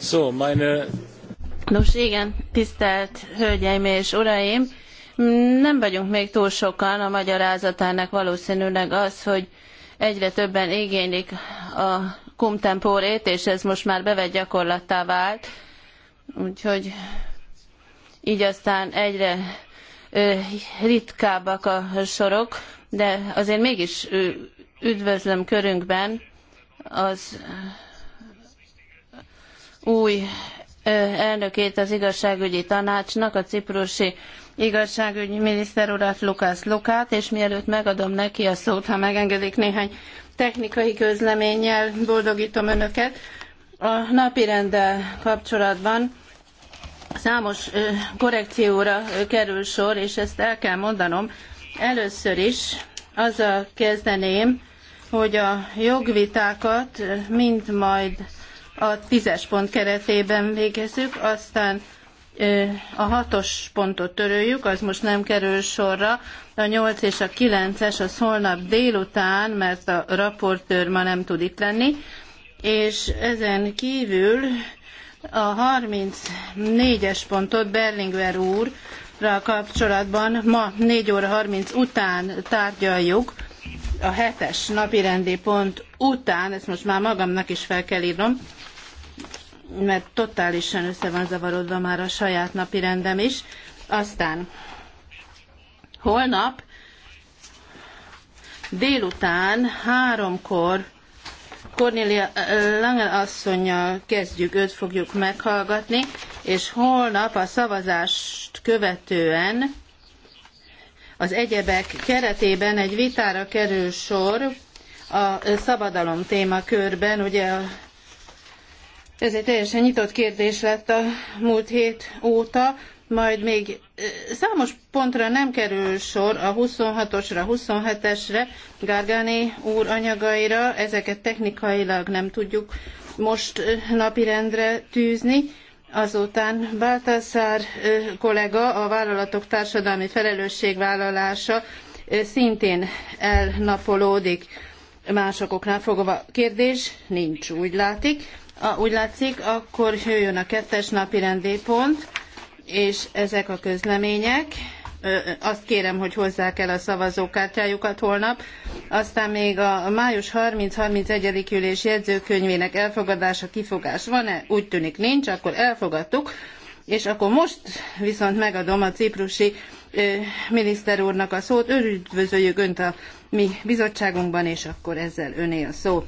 So, meine... Nos igen, tisztelt Hölgyeim és Uraim, nem vagyunk még túl sokan, a magyarázatának valószínűleg az, hogy egyre többen igénylik a cum temporét, és ez most már bevett gyakorlattá vált, úgyhogy így aztán egyre ö, ritkábbak a sorok, de azért mégis üdvözlöm körünkben az új elnökét az igazságügyi tanácsnak, a ciprusi igazságügyi urat Lukász Lukát, és mielőtt megadom neki a szót, ha megengedik néhány technikai közleménnyel boldogítom Önöket. A napirenddel kapcsolatban számos korrekcióra kerül sor, és ezt el kell mondanom. Először is azzal kezdeném, hogy a jogvitákat mind majd a tízes pont keretében végezzük, aztán a hatos pontot töröljük, az most nem kerül sorra. A nyolc és a kilences az holnap délután, mert a raportőr ma nem tud itt lenni, és ezen kívül a 34-es pontot Berlingver úrra kapcsolatban ma 4 óra 30 után tárgyaljuk, a hetes napirendi pont után, ezt most már magamnak is fel kell írnom, mert totálisan össze van zavarodva már a saját napi rendem is. Aztán holnap délután háromkor Cornelia Langen asszonynal kezdjük, őt fogjuk meghallgatni, és holnap a szavazást követően az egyebek keretében egy vitára kerül sor a szabadalom témakörben, ugye a ez egy teljesen nyitott kérdés lett a múlt hét óta, majd még számos pontra nem kerül sor a 26-osra, 27-esre, Gárgáné úr anyagaira, ezeket technikailag nem tudjuk most napirendre tűzni. Azután Baltasar kollega a vállalatok társadalmi felelősségvállalása szintén elnapolódik másokoknál fogva. Kérdés nincs, úgy látik úgy látszik, akkor jöjjön a kettes napi rendépont, és ezek a közlemények. Azt kérem, hogy hozzák el a szavazókártyájukat holnap. Aztán még a május 30-31. ülés jegyzőkönyvének elfogadása kifogás van-e? Úgy tűnik nincs, akkor elfogadtuk. És akkor most viszont megadom a ciprusi miniszter úrnak a szót. Üdvözöljük Önt a mi bizottságunkban, és akkor ezzel öné a szó.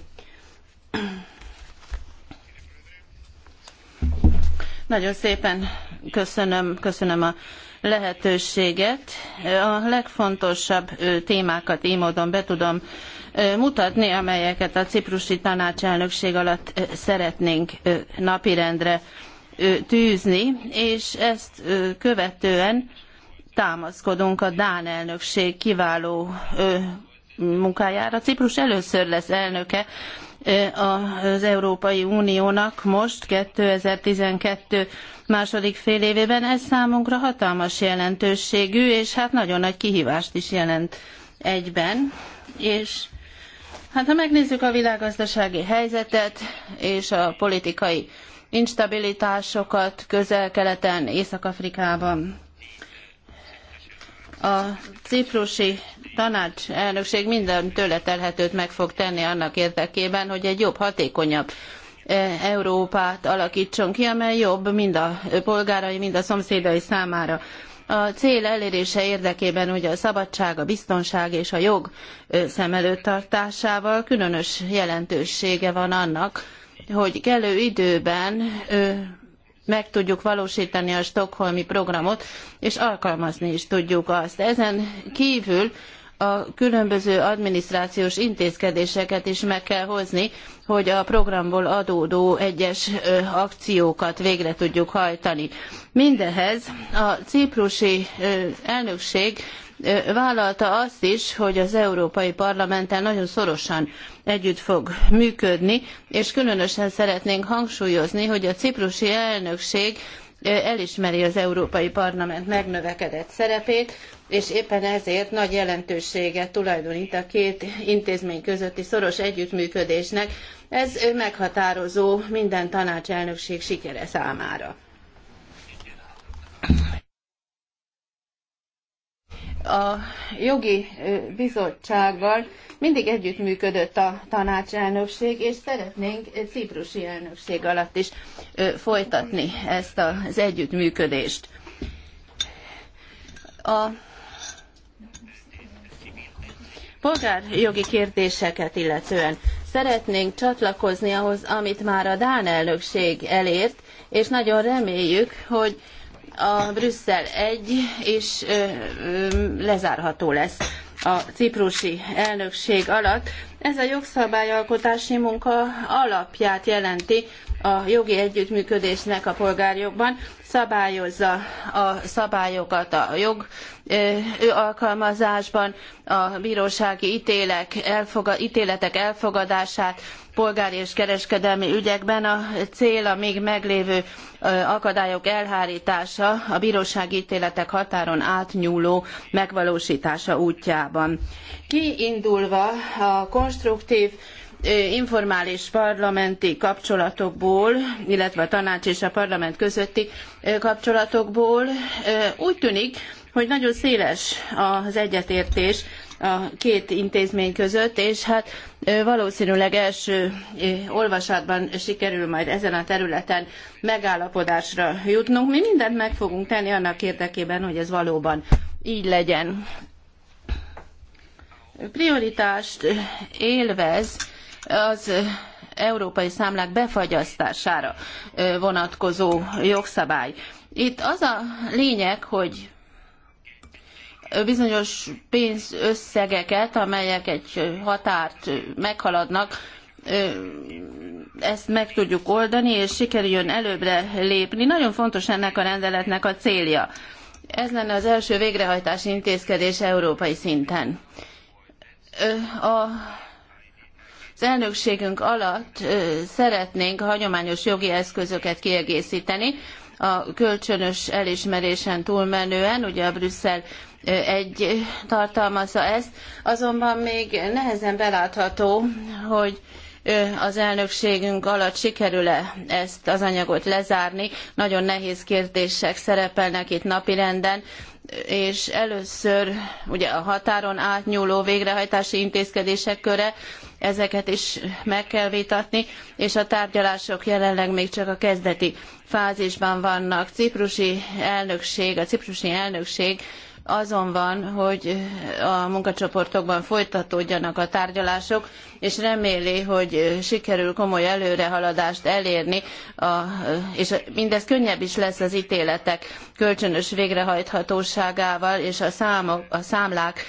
Nagyon szépen köszönöm, köszönöm a lehetőséget. A legfontosabb témákat így módon be tudom mutatni, amelyeket a ciprusi tanácselnökség alatt szeretnénk napirendre tűzni, és ezt követően támaszkodunk a Dán elnökség kiváló munkájára. Ciprus először lesz elnöke az Európai Uniónak most 2012 második fél évében. Ez számunkra hatalmas jelentőségű, és hát nagyon nagy kihívást is jelent egyben. És hát ha megnézzük a világgazdasági helyzetet és a politikai instabilitásokat közel-keleten, Észak-Afrikában, a ciprusi tanács elnökség minden tőle telhetőt meg fog tenni annak érdekében, hogy egy jobb, hatékonyabb e, Európát alakítson ki, amely jobb mind a polgárai, mind a szomszédai számára. A cél elérése érdekében hogy a szabadság, a biztonság és a jog e, szem előtt tartásával különös jelentősége van annak, hogy kellő időben e, meg tudjuk valósítani a Stockholmi programot, és alkalmazni is tudjuk azt. Ezen kívül a különböző adminisztrációs intézkedéseket is meg kell hozni, hogy a programból adódó egyes akciókat végre tudjuk hajtani. Mindehez a ciprusi elnökség vállalta azt is, hogy az Európai Parlamenttel nagyon szorosan együtt fog működni, és különösen szeretnénk hangsúlyozni, hogy a ciprusi elnökség elismeri az Európai Parlament megnövekedett szerepét, és éppen ezért nagy jelentőséget tulajdonít a két intézmény közötti szoros együttműködésnek. Ez meghatározó minden tanácselnökség sikere számára. A jogi bizottsággal mindig együttműködött a tanácselnökség, és szeretnénk ciprusi elnökség alatt is folytatni ezt az együttműködést. A polgárjogi kérdéseket illetően szeretnénk csatlakozni ahhoz, amit már a Dán elnökség elért, és nagyon reméljük, hogy a Brüsszel egy is lezárható lesz a ciprusi elnökség alatt. Ez a jogszabályalkotási munka alapját jelenti a jogi együttműködésnek a polgárjogban, szabályozza a szabályokat a jog alkalmazásban, a bírósági ítélek, ítéletek elfogadását, polgári és kereskedelmi ügyekben a cél a még meglévő akadályok elhárítása, a bírósági ítéletek határon átnyúló megvalósítása útjában. Kiindulva a konstruktív informális parlamenti kapcsolatokból, illetve a tanács és a parlament közötti kapcsolatokból úgy tűnik, hogy nagyon széles az egyetértés a két intézmény között, és hát valószínűleg első olvasatban sikerül majd ezen a területen megállapodásra jutnunk. Mi mindent meg fogunk tenni annak érdekében, hogy ez valóban így legyen. Prioritást élvez az európai számlák befagyasztására vonatkozó jogszabály. Itt az a lényeg, hogy bizonyos pénzösszegeket, amelyek egy határt meghaladnak, ezt meg tudjuk oldani, és sikerüljön előbbre lépni. Nagyon fontos ennek a rendeletnek a célja. Ez lenne az első végrehajtási intézkedés európai szinten. A az elnökségünk alatt szeretnénk hagyományos jogi eszközöket kiegészíteni, a kölcsönös elismerésen túlmenően, ugye a Brüsszel egy tartalmazza ezt, azonban még nehezen belátható, hogy az elnökségünk alatt sikerül-e ezt az anyagot lezárni. Nagyon nehéz kérdések szerepelnek itt napirenden, és először ugye a határon átnyúló végrehajtási intézkedések köre, ezeket is meg kell vitatni, és a tárgyalások jelenleg még csak a kezdeti fázisban vannak. Ciprusi elnökség, a ciprusi elnökség azon van, hogy a munkacsoportokban folytatódjanak a tárgyalások, és reméli, hogy sikerül komoly előrehaladást elérni, a, és mindez könnyebb is lesz az ítéletek kölcsönös végrehajthatóságával, és a, számok, a számlák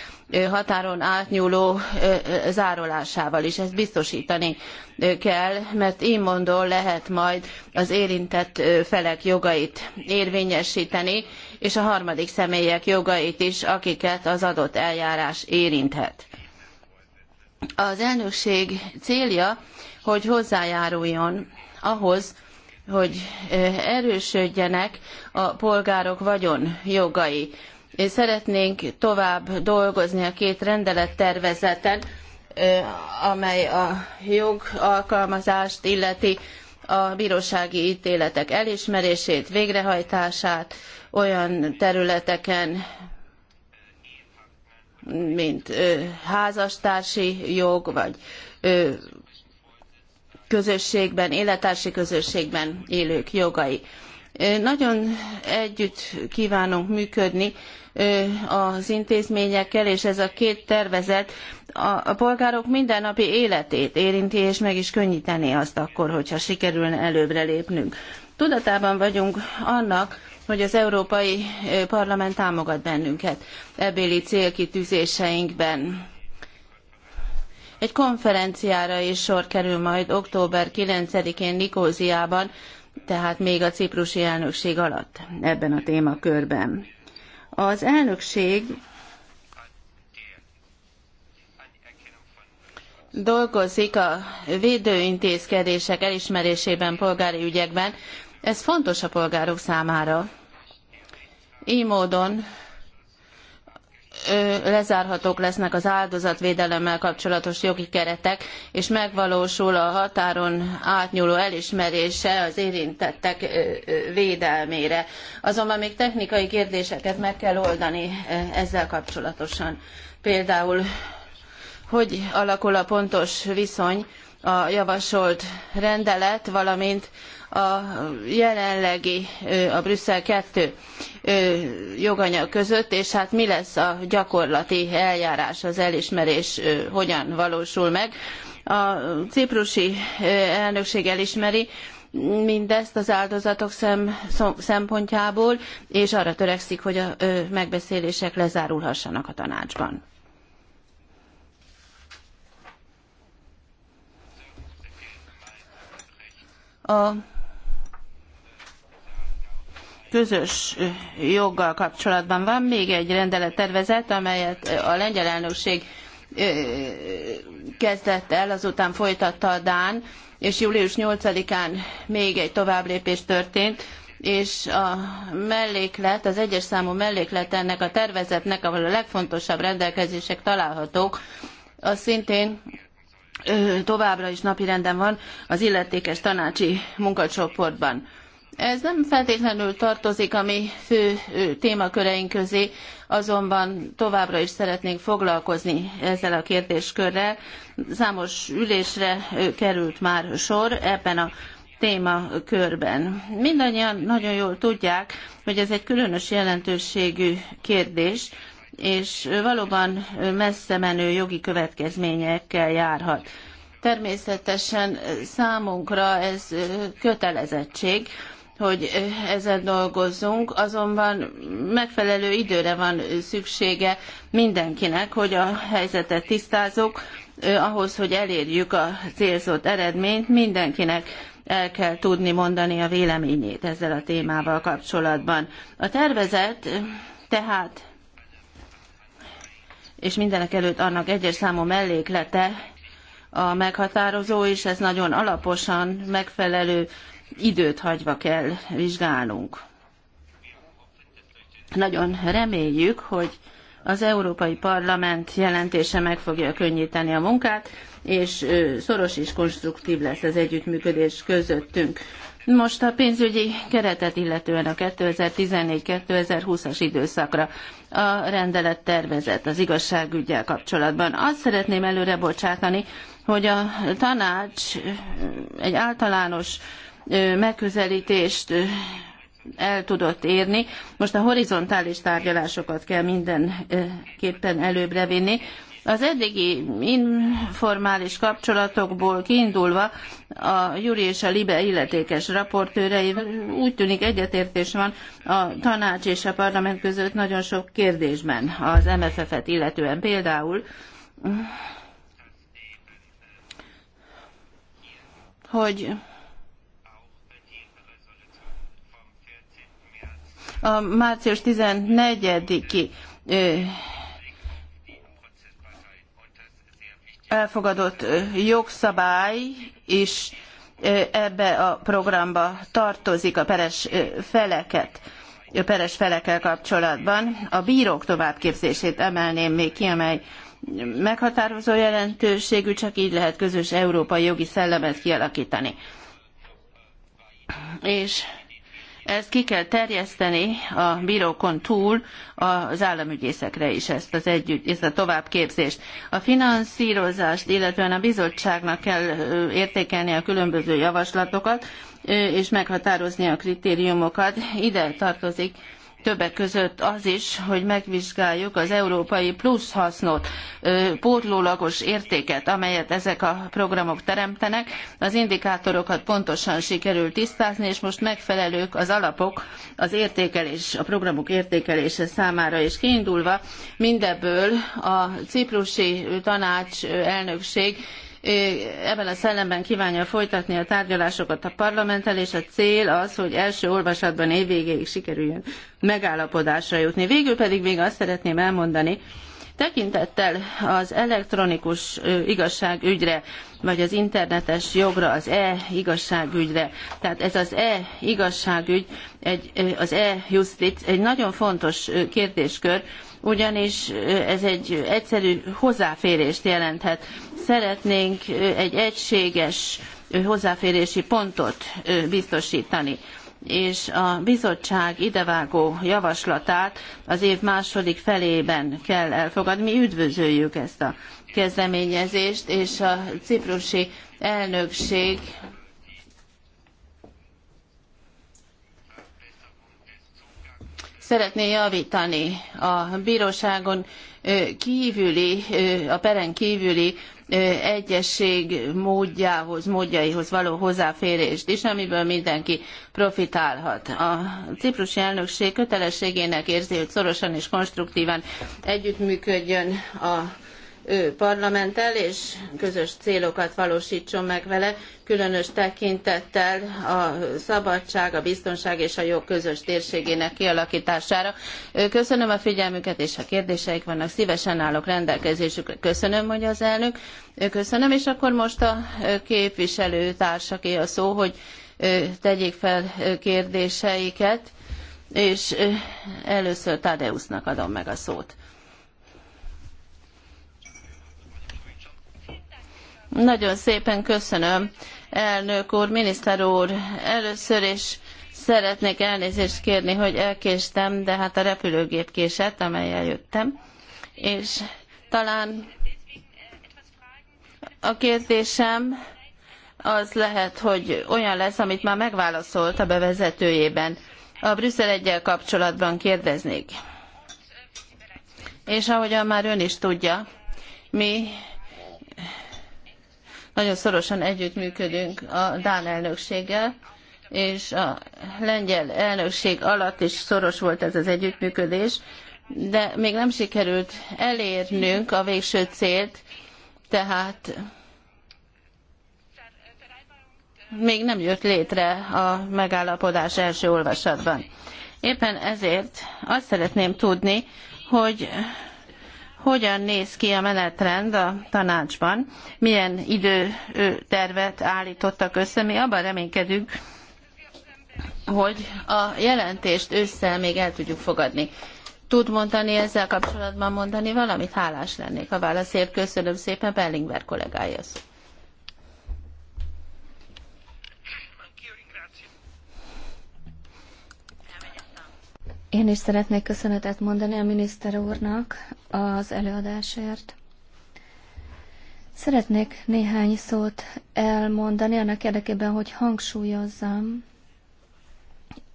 határon átnyúló zárolásával is. Ezt biztosítani kell, mert így mondom lehet majd az érintett felek jogait érvényesíteni, és a harmadik személyek jogait is, akiket az adott eljárás érinthet. Az elnökség célja, hogy hozzájáruljon ahhoz, hogy erősödjenek a polgárok vagyonjogai Szeretnénk tovább dolgozni a két rendelettervezeten, amely a jogalkalmazást illeti a bírósági ítéletek elismerését, végrehajtását olyan területeken, mint házastársi jog, vagy közösségben, élettársi közösségben élők jogai. Nagyon együtt kívánunk működni az intézményekkel, és ez a két tervezet a polgárok mindennapi életét érinti, és meg is könnyíteni azt akkor, hogyha sikerülne előbbre lépnünk. Tudatában vagyunk annak, hogy az Európai Parlament támogat bennünket ebéli célkitűzéseinkben. Egy konferenciára is sor kerül majd október 9-én Nikóziában, tehát még a ciprusi elnökség alatt ebben a témakörben. Az elnökség dolgozik a védőintézkedések elismerésében polgári ügyekben. Ez fontos a polgárok számára. Így módon lezárhatók lesznek az áldozatvédelemmel kapcsolatos jogi keretek, és megvalósul a határon átnyúló elismerése az érintettek védelmére. Azonban még technikai kérdéseket meg kell oldani ezzel kapcsolatosan. Például, hogy alakul a pontos viszony a javasolt rendelet, valamint a jelenlegi, a Brüsszel 2 joganyag között, és hát mi lesz a gyakorlati eljárás, az elismerés hogyan valósul meg. A ciprusi elnökség elismeri, mindezt az áldozatok szem, szempontjából, és arra törekszik, hogy a ö, megbeszélések lezárulhassanak a tanácsban. A közös joggal kapcsolatban van még egy rendelettervezet, amelyet a lengyel elnökség kezdett el, azután folytatta a Dán, és július 8-án még egy továbblépés történt, és a melléklet, az egyes számú melléklet ennek a tervezetnek, ahol a legfontosabb rendelkezések találhatók, az szintén továbbra is napirenden van az illetékes tanácsi munkacsoportban. Ez nem feltétlenül tartozik a mi fő témaköreink közé, azonban továbbra is szeretnénk foglalkozni ezzel a kérdéskörrel. Számos ülésre került már sor ebben a témakörben. Mindannyian nagyon jól tudják, hogy ez egy különös jelentőségű kérdés, és valóban messze menő jogi következményekkel járhat. Természetesen számunkra ez kötelezettség, hogy ezen dolgozzunk, azonban megfelelő időre van szüksége mindenkinek, hogy a helyzetet tisztázzuk, eh, ahhoz, hogy elérjük a célzott eredményt, mindenkinek el kell tudni mondani a véleményét ezzel a témával kapcsolatban. A tervezet eh, tehát, és mindenekelőtt annak egyes számú melléklete a meghatározó, és ez nagyon alaposan megfelelő időt hagyva kell vizsgálnunk. Nagyon reméljük, hogy az Európai Parlament jelentése meg fogja könnyíteni a munkát, és szoros és konstruktív lesz az együttműködés közöttünk. Most a pénzügyi keretet illetően a 2014-2020-as időszakra a rendelet tervezett az igazságügyel kapcsolatban. Azt szeretném előre bocsátani, hogy a tanács egy általános megközelítést el tudott érni. Most a horizontális tárgyalásokat kell mindenképpen előbbre vinni. Az eddigi informális kapcsolatokból kiindulva a Júri és a Libe illetékes raportőreivel úgy tűnik egyetértés van a tanács és a parlament között nagyon sok kérdésben az MFF-et illetően például hogy a március 14-i elfogadott jogszabály is ebbe a programba tartozik a peres feleket a peres felekkel kapcsolatban. A bírók továbbképzését emelném még ki, amely meghatározó jelentőségű, csak így lehet közös európai jogi szellemet kialakítani. És ezt ki kell terjeszteni a bírókon túl az államügyészekre is ezt az együtt, ezt a továbbképzést. A finanszírozást, illetően a bizottságnak kell értékelni a különböző javaslatokat, és meghatározni a kritériumokat. Ide tartozik többek között az is, hogy megvizsgáljuk az európai plusz hasznot, pótlólagos értéket, amelyet ezek a programok teremtenek. Az indikátorokat pontosan sikerült tisztázni, és most megfelelők az alapok az értékelés, a programok értékelése számára, és kiindulva mindebből a ciprusi tanács elnökség ebben a szellemben kívánja folytatni a tárgyalásokat a parlamenttel, és a cél az, hogy első olvasatban évvégéig sikerüljön megállapodásra jutni. Végül pedig még azt szeretném elmondani, Tekintettel az elektronikus igazságügyre, vagy az internetes jogra, az e-igazságügyre, tehát ez az e-igazságügy, egy, az e-justit egy nagyon fontos kérdéskör, ugyanis ez egy egyszerű hozzáférést jelenthet. Szeretnénk egy egységes hozzáférési pontot biztosítani és a bizottság idevágó javaslatát az év második felében kell elfogadni. Mi üdvözöljük ezt a kezdeményezést, és a ciprusi elnökség szeretné javítani a bíróságon kívüli, a peren kívüli egyesség módjához, módjaihoz való hozzáférést is, amiből mindenki profitálhat. A ciprusi elnökség kötelességének érzi, hogy szorosan és konstruktívan együttműködjön a parlamenttel, és közös célokat valósítson meg vele, különös tekintettel a szabadság, a biztonság és a jog közös térségének kialakítására. Köszönöm a figyelmüket, és ha kérdéseik vannak, szívesen állok rendelkezésükre. Köszönöm, hogy az elnök. Köszönöm, és akkor most a képviselőtársaké a szó, hogy tegyék fel kérdéseiket, és először Tadeusznak adom meg a szót. Nagyon szépen köszönöm, elnök úr, miniszter úr. Először is szeretnék elnézést kérni, hogy elkéstem, de hát a repülőgép késett, amelyel jöttem. És talán a kérdésem az lehet, hogy olyan lesz, amit már megválaszolt a bevezetőjében. A Brüsszel egyel kapcsolatban kérdeznék. És ahogyan már ön is tudja, mi nagyon szorosan együttműködünk a Dán elnökséggel, és a lengyel elnökség alatt is szoros volt ez az együttműködés, de még nem sikerült elérnünk a végső célt, tehát még nem jött létre a megállapodás első olvasatban. Éppen ezért azt szeretném tudni, hogy hogyan néz ki a menetrend a tanácsban, milyen időtervet állítottak össze. Mi abban reménykedünk, hogy a jelentést ősszel még el tudjuk fogadni. Tud mondani ezzel kapcsolatban mondani valamit? Hálás lennék a válaszért. Köszönöm szépen, Bellingber kollégája. Én is szeretnék köszönetet mondani a miniszter úrnak az előadásért. Szeretnék néhány szót elmondani annak érdekében, hogy hangsúlyozzam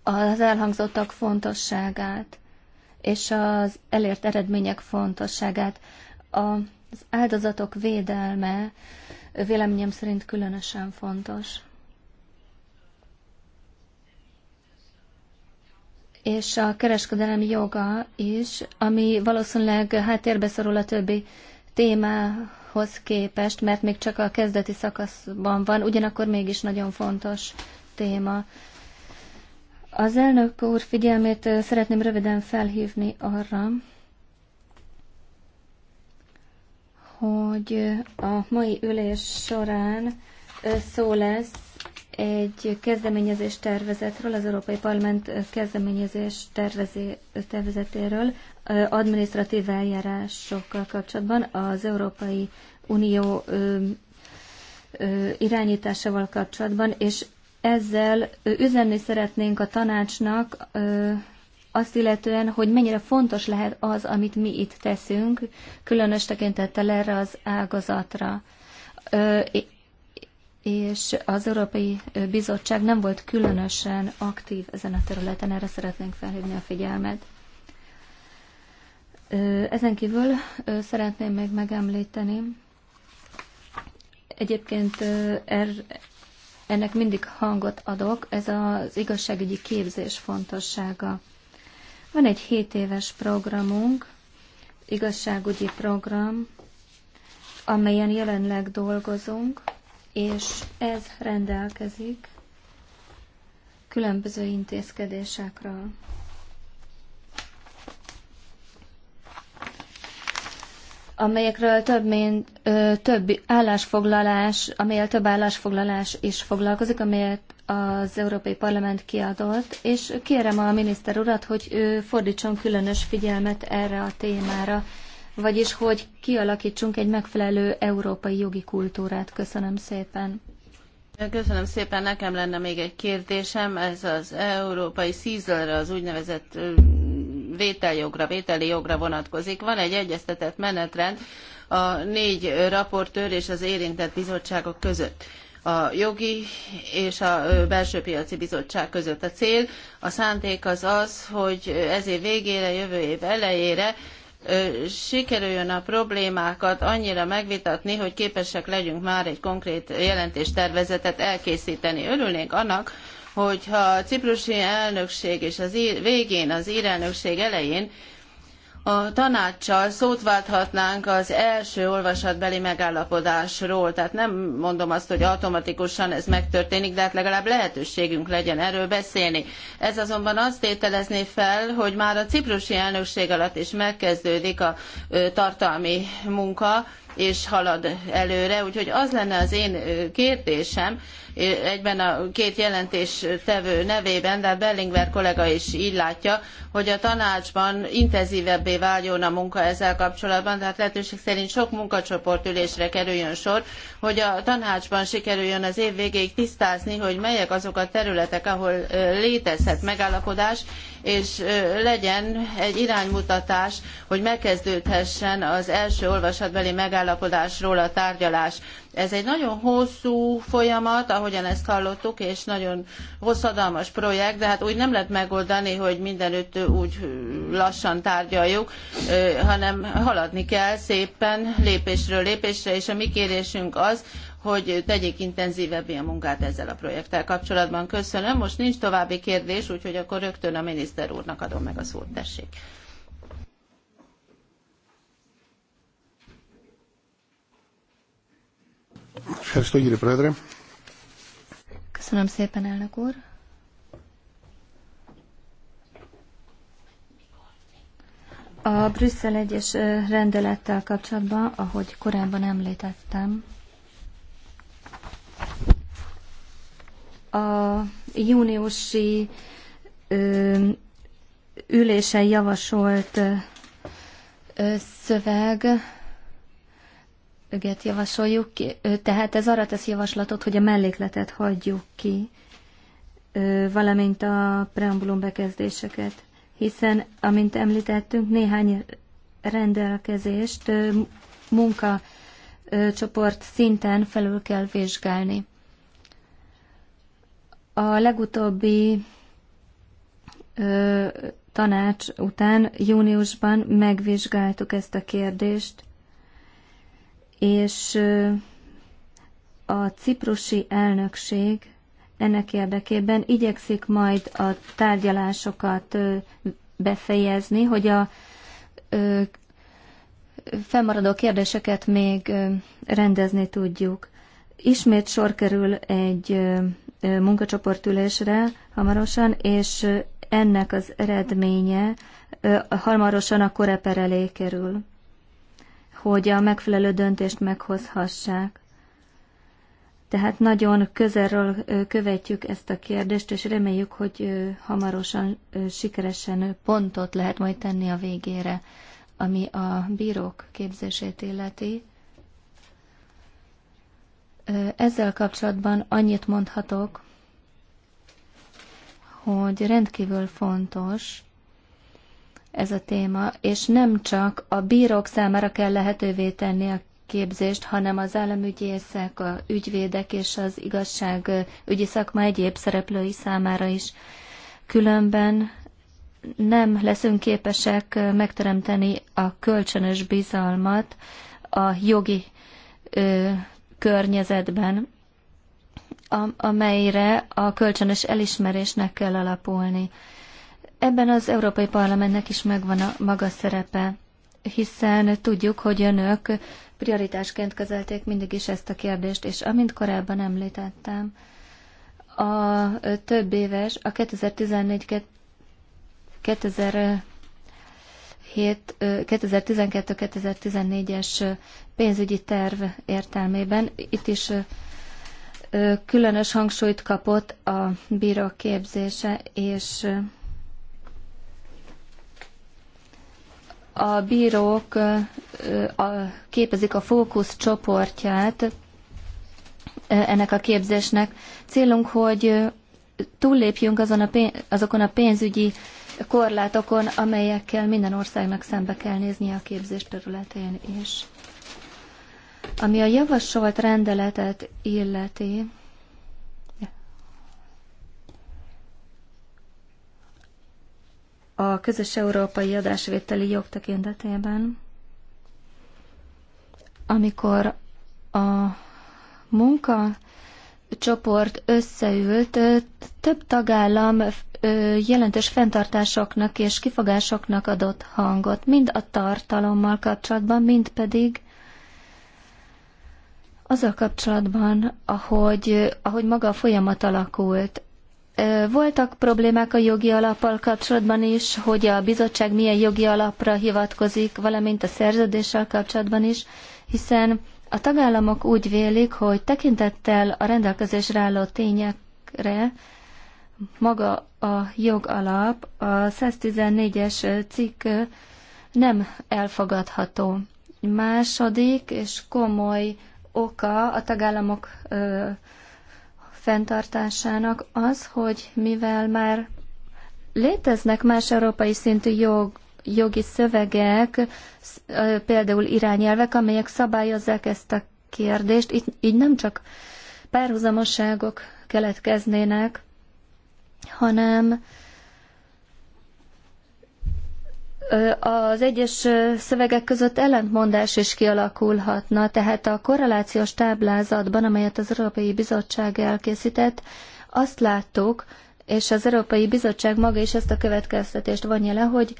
az elhangzottak fontosságát és az elért eredmények fontosságát. Az áldozatok védelme véleményem szerint különösen fontos. és a kereskedelmi joga is, ami valószínűleg háttérbe szorul a többi témához képest, mert még csak a kezdeti szakaszban van, ugyanakkor mégis nagyon fontos téma. Az elnök úr figyelmét szeretném röviden felhívni arra, hogy a mai ülés során szó lesz egy kezdeményezés tervezetről, az Európai Parlament kezdeményezés tervezi, tervezetéről administratív eljárásokkal kapcsolatban az Európai Unió ö, ö, irányításával kapcsolatban, és ezzel üzenni szeretnénk a tanácsnak ö, azt illetően, hogy mennyire fontos lehet az, amit mi itt teszünk, különös tekintettel erre az ágazatra és az Európai Bizottság nem volt különösen aktív ezen a területen, erre szeretnénk felhívni a figyelmet. Ezen kívül szeretném még megemlíteni, egyébként er, ennek mindig hangot adok, ez az igazságügyi képzés fontossága. Van egy 7 éves programunk, igazságügyi program, amelyen jelenleg dolgozunk, és ez rendelkezik különböző intézkedésekre, amelyekről több, mint, ö, több állásfoglalás, amelyel több állásfoglalás is foglalkozik, amelyet az Európai Parlament kiadott, és kérem a miniszter urat, hogy ő fordítson különös figyelmet erre a témára vagyis hogy kialakítsunk egy megfelelő európai jogi kultúrát. Köszönöm szépen. Köszönöm szépen, nekem lenne még egy kérdésem, ez az európai szízelre, az úgynevezett vételjogra, vételi jogra vonatkozik. Van egy egyeztetett menetrend a négy raportőr és az érintett bizottságok között a jogi és a belső piaci bizottság között. A cél, a szándék az az, hogy ez év végére, jövő év elejére sikerüljön a problémákat annyira megvitatni, hogy képesek legyünk már egy konkrét jelentéstervezetet elkészíteni. Örülnénk annak, hogyha a ciprusi elnökség és az ír, végén, az ír elnökség elején a tanácssal szót válthatnánk az első olvasatbeli megállapodásról, tehát nem mondom azt, hogy automatikusan ez megtörténik, de hát legalább lehetőségünk legyen erről beszélni. Ez azonban azt tételezné fel, hogy már a ciprusi elnökség alatt is megkezdődik a tartalmi munka, és halad előre. Úgyhogy az lenne az én kérdésem, egyben a két jelentés tevő nevében, de hát Bellingwer kollega is így látja, hogy a tanácsban intenzívebbé váljon a munka ezzel kapcsolatban, tehát lehetőség szerint sok munkacsoportülésre kerüljön sor, hogy a tanácsban sikerüljön az év végéig tisztázni, hogy melyek azok a területek, ahol létezhet megállapodás, és legyen egy iránymutatás, hogy megkezdődhessen az első olvasatbeli megállapodásról a tárgyalás. Ez egy nagyon hosszú folyamat, ahogyan ezt hallottuk, és nagyon hosszadalmas projekt, de hát úgy nem lehet megoldani, hogy mindenütt úgy lassan tárgyaljuk, hanem haladni kell szépen lépésről lépésre, és a mi kérésünk az, hogy tegyék intenzívebbé a munkát ezzel a projekttel kapcsolatban. Köszönöm. Most nincs további kérdés, úgyhogy akkor rögtön a miniszter úrnak adom meg a szót. Tessék. Köszönöm szépen, elnök úr. A Brüsszel egyes rendelettel kapcsolatban, ahogy korábban említettem, a júniusi ö, ülésen javasolt ö, szöveg öget javasoljuk ki. Tehát ez arra tesz javaslatot, hogy a mellékletet hagyjuk ki, valamint a preambulum bekezdéseket. Hiszen, amint említettünk, néhány rendelkezést munkacsoport szinten felül kell vizsgálni. A legutóbbi ö, tanács után júniusban megvizsgáltuk ezt a kérdést, és ö, a ciprusi elnökség ennek érdekében igyekszik majd a tárgyalásokat ö, befejezni, hogy a ö, fennmaradó kérdéseket még rendezni tudjuk. Ismét sor kerül egy munkacsoportülésre hamarosan, és ennek az eredménye hamarosan a koreper elé kerül, hogy a megfelelő döntést meghozhassák. Tehát nagyon közelről követjük ezt a kérdést, és reméljük, hogy hamarosan sikeresen pontot lehet majd tenni a végére, ami a bírók képzését illeti. Ezzel kapcsolatban annyit mondhatok, hogy rendkívül fontos ez a téma, és nem csak a bírók számára kell lehetővé tenni a képzést, hanem az államügyészek, a ügyvédek és az igazságügyi szakma egyéb szereplői számára is. Különben nem leszünk képesek megteremteni a kölcsönös bizalmat a jogi környezetben, amelyre a kölcsönös elismerésnek kell alapulni. Ebben az Európai Parlamentnek is megvan a maga szerepe, hiszen tudjuk, hogy önök prioritásként kezelték mindig is ezt a kérdést, és amint korábban említettem, a több éves, a 2014 2012-2014-es pénzügyi terv értelmében. Itt is különös hangsúlyt kapott a bíró képzése, és a bírók képezik a fókusz csoportját ennek a képzésnek. Célunk, hogy túllépjünk azon a pénz, azokon a pénzügyi korlátokon, amelyekkel minden országnak szembe kell néznie a képzés területén is. Ami a javasolt rendeletet illeti, a közös európai adásvételi jog tekintetében, amikor a munka csoport összeült, több tagállam jelentős fenntartásoknak és kifogásoknak adott hangot, mind a tartalommal kapcsolatban, mind pedig azzal kapcsolatban, ahogy, ahogy maga a folyamat alakult. Voltak problémák a jogi alappal kapcsolatban is, hogy a bizottság milyen jogi alapra hivatkozik, valamint a szerződéssel kapcsolatban is, hiszen a tagállamok úgy vélik, hogy tekintettel a rendelkezésre álló tényekre, maga a jogalap, a 114-es cikk nem elfogadható. Második és komoly oka a tagállamok ö, fenntartásának az, hogy mivel már léteznek más európai szintű jog, jogi szövegek, ö, például irányelvek, amelyek szabályozzák ezt a kérdést, így, így nem csak párhuzamoságok keletkeznének, hanem az egyes szövegek között ellentmondás is kialakulhatna, tehát a korrelációs táblázatban, amelyet az Európai Bizottság elkészített, azt láttuk, és az Európai Bizottság maga is ezt a következtetést vonja le, hogy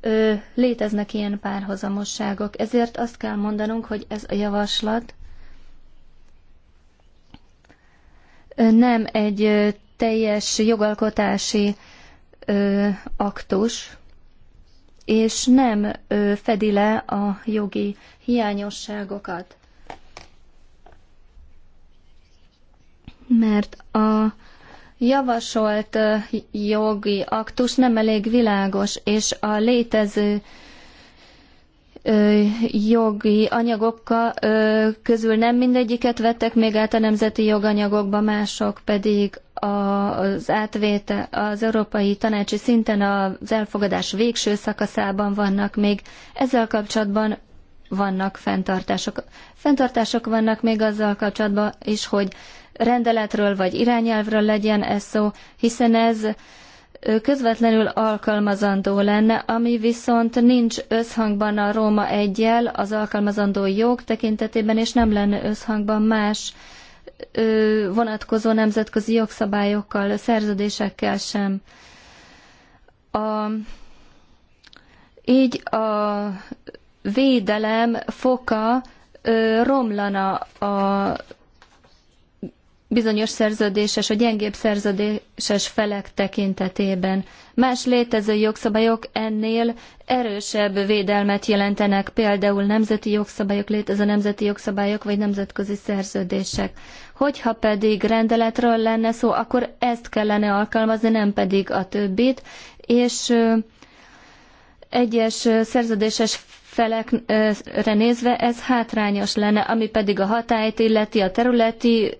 ö, léteznek ilyen párhozamosságok. Ezért azt kell mondanunk, hogy ez a javaslat nem egy teljes jogalkotási ö, aktus, és nem ö, fedi le a jogi hiányosságokat. Mert a javasolt jogi aktus nem elég világos, és a létező jogi anyagokkal közül nem mindegyiket vettek még át a nemzeti joganyagokba, mások pedig az átvétel az európai tanácsi szinten az elfogadás végső szakaszában vannak még. Ezzel kapcsolatban vannak fenntartások. Fenntartások vannak még azzal kapcsolatban is, hogy rendeletről vagy irányelvről legyen ez szó, hiszen ez közvetlenül alkalmazandó lenne, ami viszont nincs összhangban a Róma 1 az alkalmazandó jog tekintetében, és nem lenne összhangban más vonatkozó nemzetközi jogszabályokkal, szerződésekkel sem. A, így a védelem foka romlana a bizonyos szerződéses, a gyengébb szerződéses felek tekintetében. Más létező jogszabályok ennél erősebb védelmet jelentenek, például nemzeti jogszabályok, létező nemzeti jogszabályok vagy nemzetközi szerződések. Hogyha pedig rendeletről lenne szó, akkor ezt kellene alkalmazni, nem pedig a többit, és egyes szerződéses felekre nézve ez hátrányos lenne, ami pedig a hatályt illeti, a területi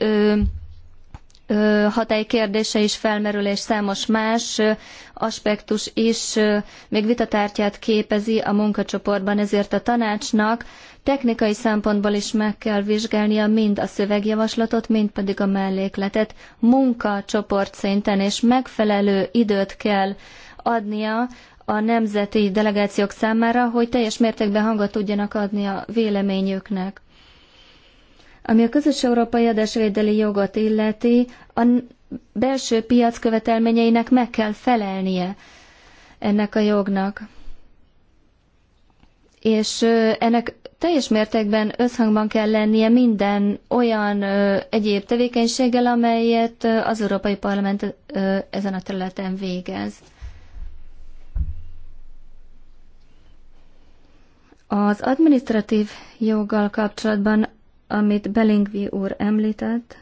hatály kérdése is felmerül, és számos más aspektus is még vitatártyát képezi a munkacsoportban, ezért a tanácsnak technikai szempontból is meg kell vizsgálnia mind a szövegjavaslatot, mind pedig a mellékletet munkacsoport szinten, és megfelelő időt kell adnia a nemzeti delegációk számára, hogy teljes mértékben hangot tudjanak adni a véleményüknek. Ami a közös európai adásvédeli jogot illeti, a belső piac követelményeinek meg kell felelnie ennek a jognak. És ennek teljes mértékben összhangban kell lennie minden olyan egyéb tevékenységgel, amelyet az Európai Parlament ezen a területen végez. Az administratív joggal kapcsolatban amit Belingvi úr említett,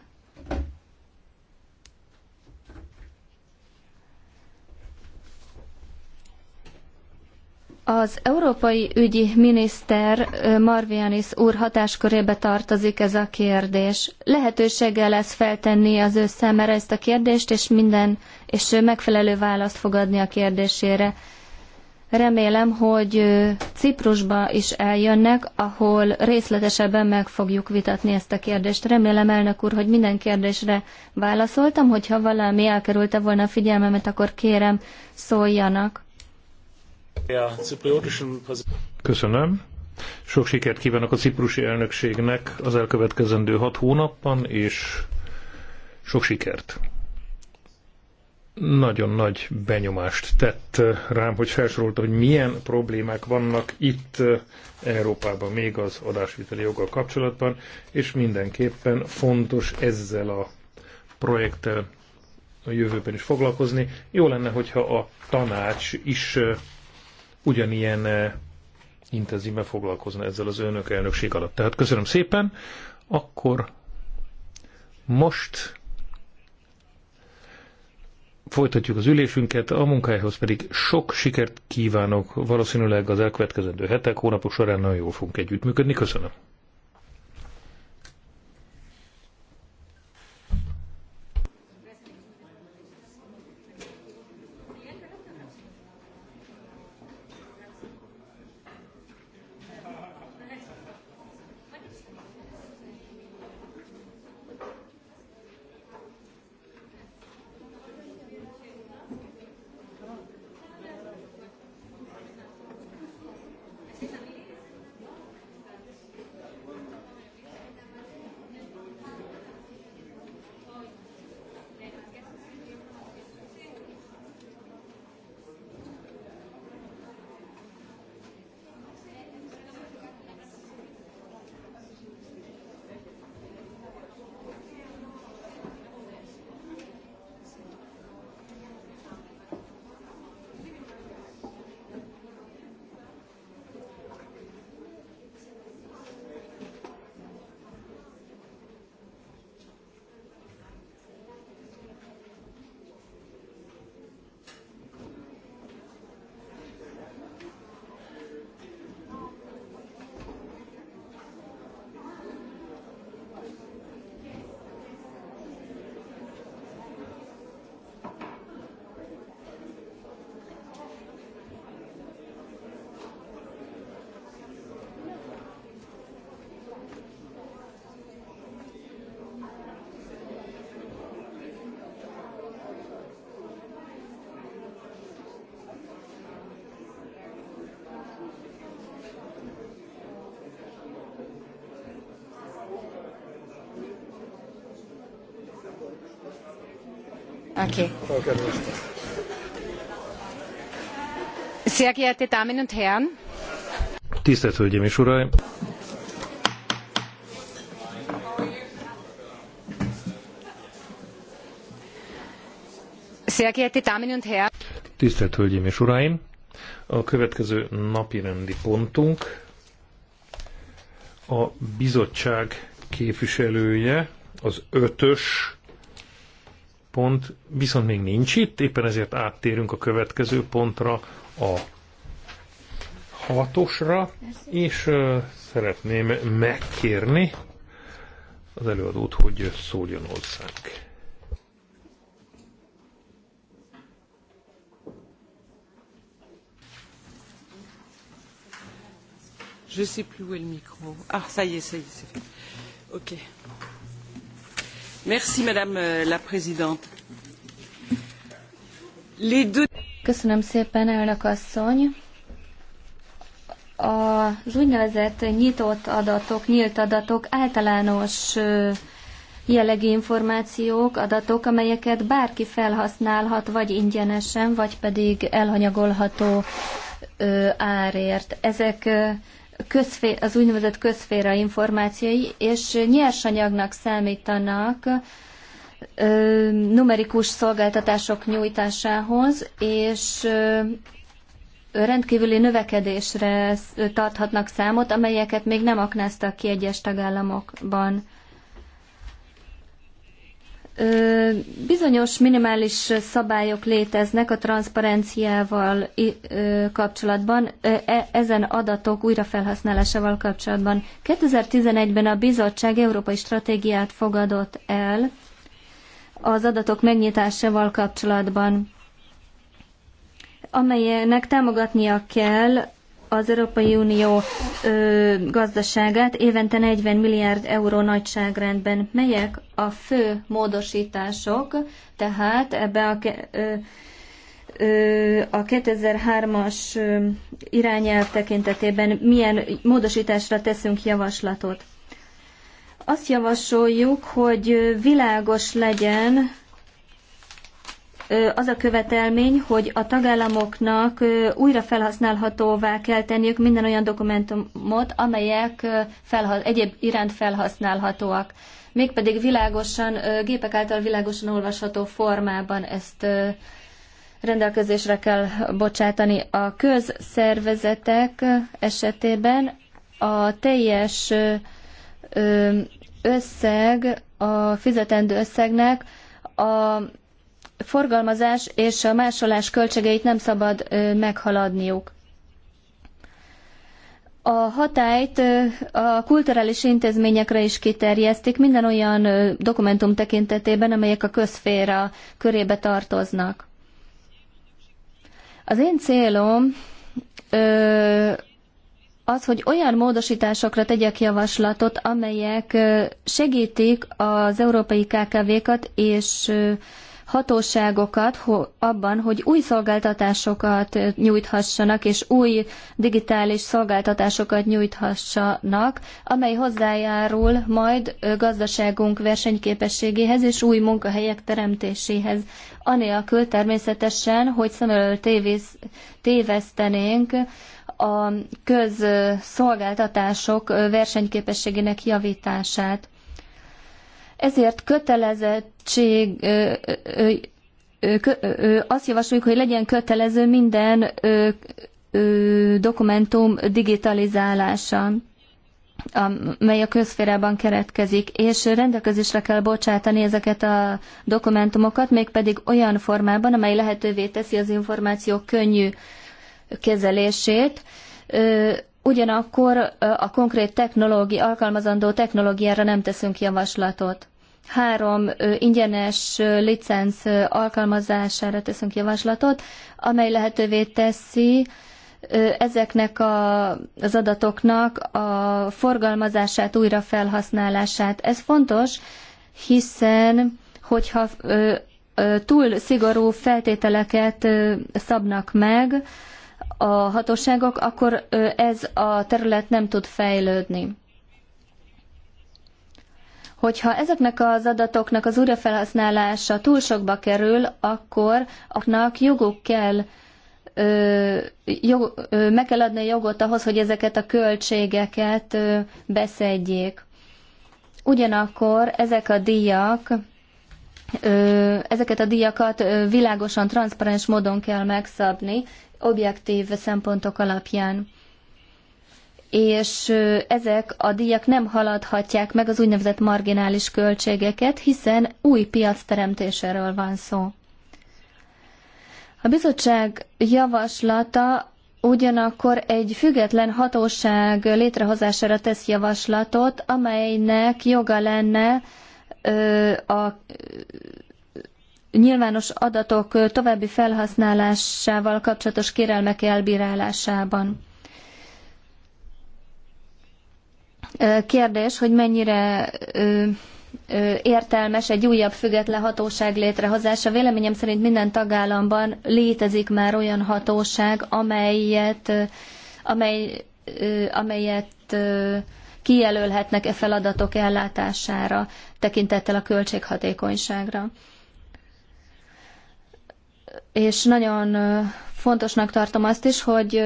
Az európai ügyi miniszter Marvianis úr hatáskörébe tartozik ez a kérdés. Lehetősége lesz feltenni az ő számára ezt a kérdést, és minden, és megfelelő választ fogadni a kérdésére. Remélem, hogy Ciprusba is eljönnek, ahol részletesebben meg fogjuk vitatni ezt a kérdést. Remélem, elnök úr, hogy minden kérdésre válaszoltam, hogyha valami elkerülte volna a figyelmemet, akkor kérem, szóljanak. Köszönöm. Sok sikert kívánok a ciprusi elnökségnek az elkövetkezendő hat hónapban, és sok sikert! nagyon nagy benyomást tett eh, rám, hogy felsorolta, hogy milyen problémák vannak itt eh, Európában még az adásviteli joggal kapcsolatban, és mindenképpen fontos ezzel a projekttel a jövőben is foglalkozni. Jó lenne, hogyha a tanács is eh, ugyanilyen intenzíven foglalkozna ezzel az önök elnökség alatt. Tehát köszönöm szépen, akkor most folytatjuk az ülésünket, a munkájához pedig sok sikert kívánok, valószínűleg az elkövetkezendő hetek, hónapok során nagyon jól fogunk együttműködni. Köszönöm. Okay. Sehr geehrte Damen und Herren! Tisztelt Hölgyeim és Uraim! Sehr geehrte Damen und Herren! Tisztelt Hölgyeim és Uraim! A következő napi rendi pontunk a bizottság képviselője, az ötös pont viszont még nincs itt, éppen ezért áttérünk a következő pontra, a hatosra, és uh, szeretném megkérni az előadót, hogy szóljon hozzánk. Je sais plus où est le micro. Ah, ça y est, ça y est, c'est fait. Ok. Euh, Köszönöm szépen, elnök asszony. Az úgynevezett nyitott adatok, nyílt adatok általános jellegű információk, adatok, amelyeket bárki felhasználhat, vagy ingyenesen, vagy pedig elhanyagolható árért. Ezek közfé, az úgynevezett közféra információi, és nyersanyagnak számítanak ö, numerikus szolgáltatások nyújtásához, és ö, rendkívüli növekedésre tarthatnak számot, amelyeket még nem aknáztak ki egyes tagállamokban. Bizonyos minimális szabályok léteznek a transzparenciával kapcsolatban, e, ezen adatok újrafelhasználásával kapcsolatban. 2011-ben a bizottság európai stratégiát fogadott el az adatok megnyitásával kapcsolatban, amelynek támogatnia kell az Európai Unió ö, gazdaságát évente 40 milliárd euró nagyságrendben. Melyek a fő módosítások, tehát ebbe a, ö, ö, a 2003-as irányelv tekintetében milyen módosításra teszünk javaslatot? Azt javasoljuk, hogy világos legyen, az a követelmény, hogy a tagállamoknak újra felhasználhatóvá kell tenniük minden olyan dokumentumot, amelyek egyéb iránt felhasználhatóak. Mégpedig világosan, gépek által világosan olvasható formában ezt rendelkezésre kell bocsátani. A közszervezetek esetében a teljes összeg, a fizetendő összegnek a forgalmazás és a másolás költségeit nem szabad meghaladniuk. A hatályt a kulturális intézményekre is kiterjesztik, minden olyan dokumentum tekintetében, amelyek a közféra körébe tartoznak. Az én célom az, hogy olyan módosításokra tegyek javaslatot, amelyek segítik az európai KKV-kat, és hatóságokat abban, hogy új szolgáltatásokat nyújthassanak, és új digitális szolgáltatásokat nyújthassanak, amely hozzájárul majd gazdaságunk versenyképességéhez és új munkahelyek teremtéséhez. Anélkül természetesen, hogy szem előtt tévesztenénk a közszolgáltatások versenyképességének javítását. Ezért kötelezettség, azt javasoljuk, hogy legyen kötelező minden dokumentum digitalizálása amely a közférában keretkezik, és rendelkezésre kell bocsátani ezeket a dokumentumokat, mégpedig olyan formában, amely lehetővé teszi az információ könnyű kezelését, ugyanakkor a konkrét technológia, alkalmazandó technológiára nem teszünk javaslatot. Három ingyenes licenc alkalmazására teszünk javaslatot, amely lehetővé teszi ezeknek a, az adatoknak a forgalmazását, újrafelhasználását. Ez fontos, hiszen hogyha túl szigorú feltételeket szabnak meg, a hatóságok, akkor ez a terület nem tud fejlődni. Hogyha ezeknek az adatoknak az újrafelhasználása túl sokba kerül, akkor aknak joguk kell ö, jog, ö, meg kell adni a jogot ahhoz, hogy ezeket a költségeket ö, beszedjék. Ugyanakkor ezek a díjak, ö, ezeket a díjakat ö, világosan, transzparens módon kell megszabni, objektív szempontok alapján. És ezek a díjak nem haladhatják meg az úgynevezett marginális költségeket, hiszen új piac teremtéséről van szó. A bizottság javaslata ugyanakkor egy független hatóság létrehozására tesz javaslatot, amelynek joga lenne a nyilvános adatok további felhasználásával kapcsolatos kérelmek elbírálásában. Kérdés, hogy mennyire értelmes egy újabb független hatóság létrehozása. Véleményem szerint minden tagállamban létezik már olyan hatóság, amelyet, amely, amelyet kijelölhetnek e feladatok ellátására, tekintettel a költséghatékonyságra és nagyon fontosnak tartom azt is, hogy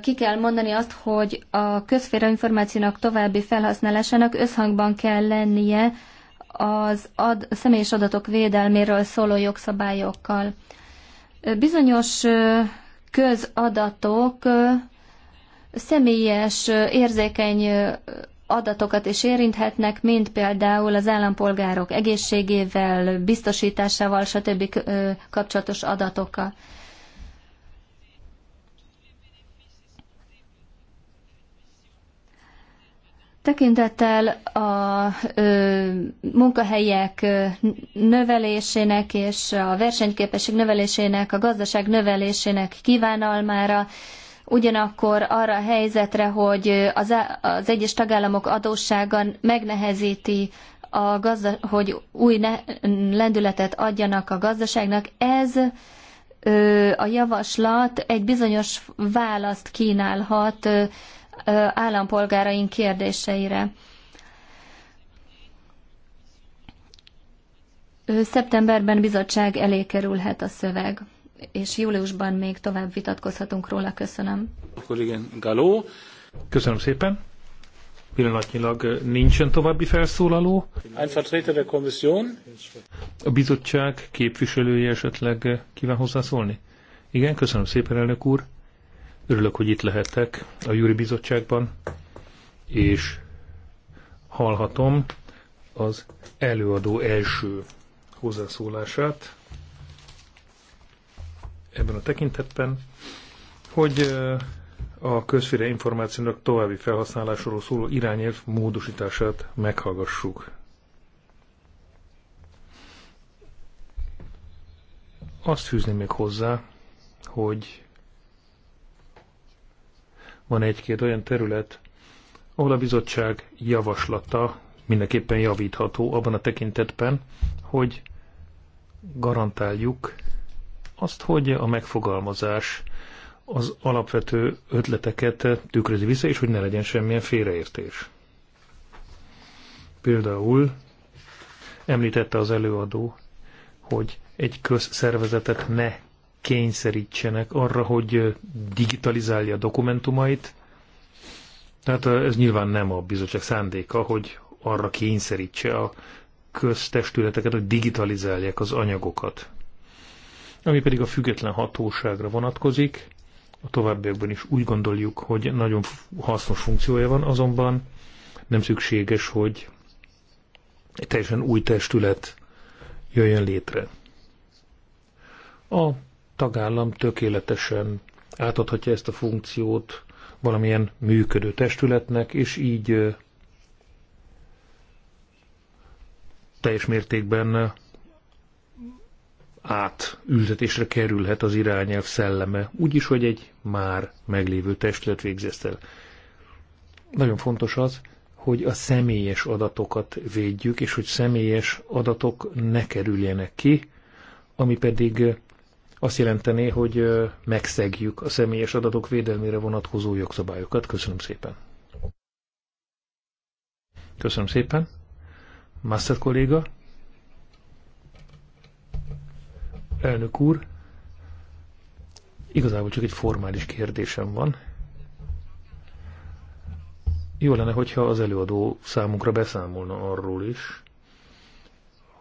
ki kell mondani azt, hogy a közféra információnak további felhasználásának összhangban kell lennie az ad, személyes adatok védelméről szóló jogszabályokkal. Bizonyos közadatok személyes, érzékeny adatokat is érinthetnek, mint például az állampolgárok egészségével, biztosításával, stb. kapcsolatos adatokkal. Tekintettel a ö, munkahelyek növelésének és a versenyképesség növelésének, a gazdaság növelésének kívánalmára ugyanakkor arra a helyzetre, hogy az, az egyes tagállamok adóssága megnehezíti a gazda, hogy új ne, lendületet adjanak a gazdaságnak, ez ö, a javaslat egy bizonyos választ kínálhat ö, ö, állampolgáraink kérdéseire. Szeptemberben bizottság elé kerülhet a szöveg és júliusban még tovább vitatkozhatunk róla. Köszönöm. Akkor igen, Galó. Köszönöm szépen. Pillanatnyilag nincsen további felszólaló. Ein Vertreter der Kommission. A bizottság képviselője esetleg kíván hozzászólni? Igen, köszönöm szépen, elnök úr. Örülök, hogy itt lehetek a Júri Bizottságban, és hallhatom az előadó első hozzászólását ebben a tekintetben, hogy a közféle információnak további felhasználásról szóló irányelv módosítását meghallgassuk. Azt fűzném még hozzá, hogy van egy-két olyan terület, ahol a bizottság javaslata mindenképpen javítható abban a tekintetben, hogy garantáljuk azt, hogy a megfogalmazás az alapvető ötleteket tükrözi vissza, és hogy ne legyen semmilyen félreértés. Például említette az előadó, hogy egy közszervezetet ne kényszerítsenek arra, hogy digitalizálja a dokumentumait. Tehát eh, ez nyilván nem a bizottság szándéka, hogy arra kényszerítse a köztestületeket, hogy digitalizálják az anyagokat. Ami pedig a független hatóságra vonatkozik, a továbbiakban is úgy gondoljuk, hogy nagyon hasznos funkciója van, azonban nem szükséges, hogy egy teljesen új testület jöjjön létre. A tagállam tökéletesen átadhatja ezt a funkciót valamilyen működő testületnek, és így teljes mértékben átültetésre kerülhet az irányelv szelleme, úgyis, hogy egy már meglévő testület végzeszt el. Nagyon fontos az, hogy a személyes adatokat védjük, és hogy személyes adatok ne kerüljenek ki, ami pedig azt jelentené, hogy megszegjük a személyes adatok védelmére vonatkozó jogszabályokat. Köszönöm szépen. Köszönöm szépen. Master kolléga. Elnök úr, igazából csak egy formális kérdésem van. Jó lenne, hogyha az előadó számunkra beszámolna arról is,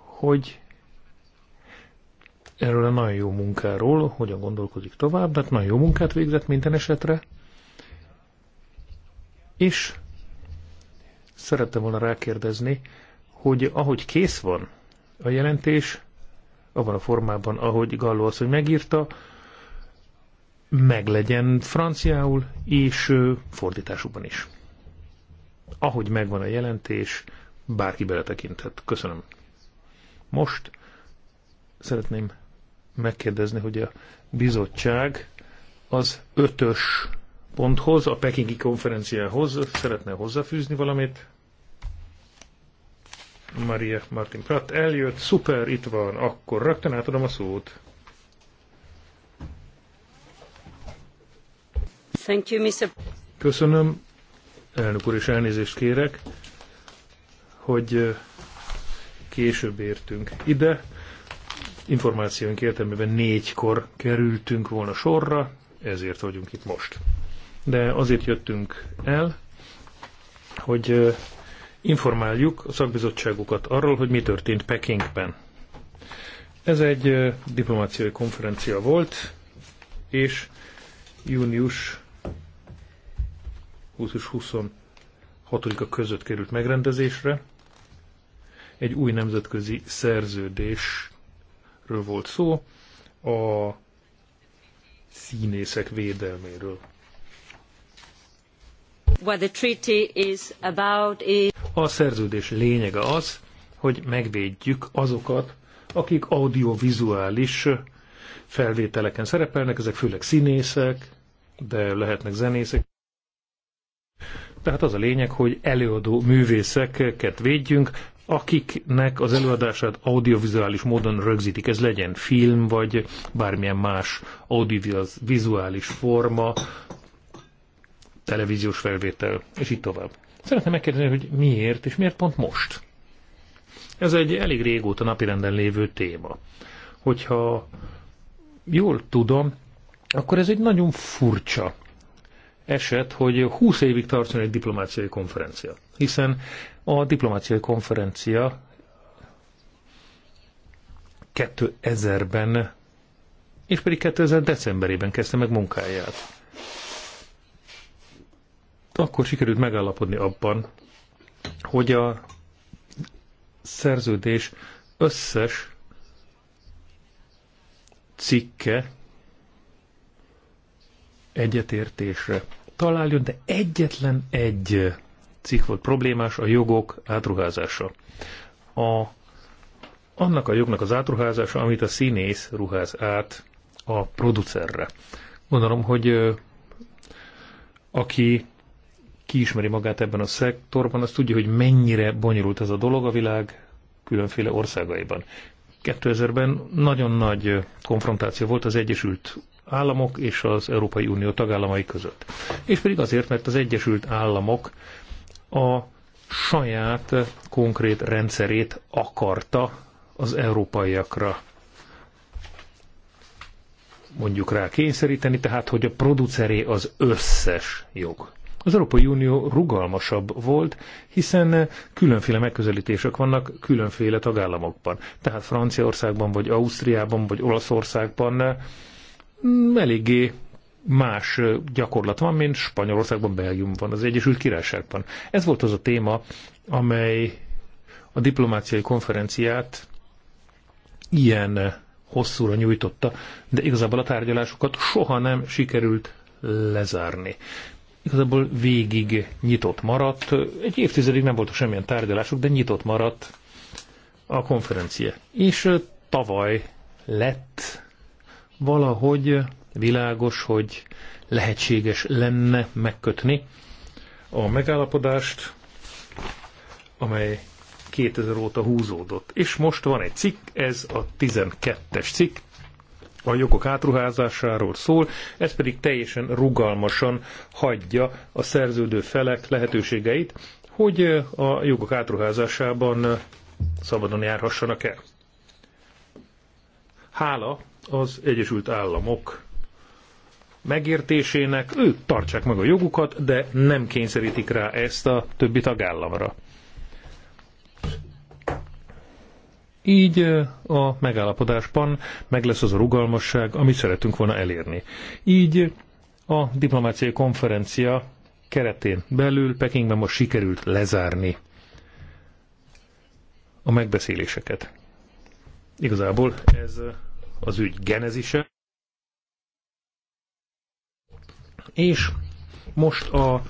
hogy erről a nagyon jó munkáról hogyan gondolkodik tovább, tehát nagyon jó munkát végzett minden esetre, és szerettem volna rákérdezni, hogy ahogy kész van a jelentés, abban a formában, ahogy Galló hogy megírta, meglegyen franciául és fordításukban is. Ahogy megvan a jelentés, bárki beletekinthet. Köszönöm. Most szeretném megkérdezni, hogy a bizottság az ötös ponthoz, a Pekingi konferenciához szeretne hozzáfűzni valamit? Maria Martin Pratt eljött, szuper, itt van, akkor rögtön átadom a szót. Thank you, Mr. Köszönöm, elnök úr, és elnézést kérek, hogy később értünk ide. Információink értelmében négykor kerültünk volna sorra, ezért vagyunk itt most. De azért jöttünk el, hogy informáljuk a szakbizottságukat arról, hogy mi történt Pekingben. Ez egy diplomáciai konferencia volt, és június 20 26-a között került megrendezésre. Egy új nemzetközi szerződésről volt szó, a színészek védelméről. What the treaty is about is a szerződés lényege az, hogy megvédjük azokat, akik audiovizuális felvételeken szerepelnek, ezek főleg színészek, de lehetnek zenészek. Tehát az a lényeg, hogy előadó művészeket védjünk, akiknek az előadását audiovizuális módon rögzítik. Ez legyen film, vagy bármilyen más audiovizuális forma, televíziós felvétel, és így tovább. Szeretném megkérdezni, hogy miért, és miért pont most? Ez egy elég régóta napirenden lévő téma. Hogyha jól tudom, akkor ez egy nagyon furcsa eset, hogy 20 évig tartson egy diplomáciai konferencia. Hiszen a diplomáciai konferencia 2000-ben, és pedig 2000 decemberében kezdte meg munkáját akkor sikerült megállapodni abban, hogy a szerződés összes cikke egyetértésre találjon, de egyetlen egy cikk volt problémás, a jogok átruházása. A, annak a jognak az átruházása, amit a színész ruház át a producerre. Gondolom, hogy aki kiismeri magát ebben a szektorban, az tudja, hogy mennyire bonyolult ez a dolog a világ különféle országaiban. 2000-ben nagyon nagy konfrontáció volt az Egyesült Államok és az Európai Unió tagállamai között. És pedig azért, mert az Egyesült Államok a saját konkrét rendszerét akarta az európaiakra mondjuk rá kényszeríteni, tehát hogy a produceré az összes jog. Az Európai Unió rugalmasabb volt, hiszen különféle megközelítések vannak különféle tagállamokban. Tehát Franciaországban, vagy Ausztriában, vagy Olaszországban mm, eléggé más gyakorlat van, mint Spanyolországban, Belgiumban, az Egyesült Királyságban. Ez volt az a téma, amely a diplomáciai konferenciát ilyen hosszúra nyújtotta, de igazából a tárgyalásokat soha nem sikerült lezárni igazából végig nyitott maradt. Egy évtizedig nem voltak semmilyen tárgyalások, de nyitott maradt a konferencia. És tavaly lett valahogy világos, hogy lehetséges lenne megkötni a megállapodást, amely 2000 óta húzódott. És most van egy cikk, ez a 12-es cikk, a jogok átruházásáról szól, ez pedig teljesen rugalmasan hagyja a szerződő felek lehetőségeit, hogy a jogok átruházásában szabadon járhassanak el. Hála az Egyesült Államok megértésének, ők tartsák meg a jogukat, de nem kényszerítik rá ezt a többi tagállamra. Így a megállapodásban meg lesz az a rugalmasság, amit szeretünk volna elérni. Így a diplomáciai konferencia keretén belül Pekingben most sikerült lezárni a megbeszéléseket. Igazából ez az ügy genezise. És most a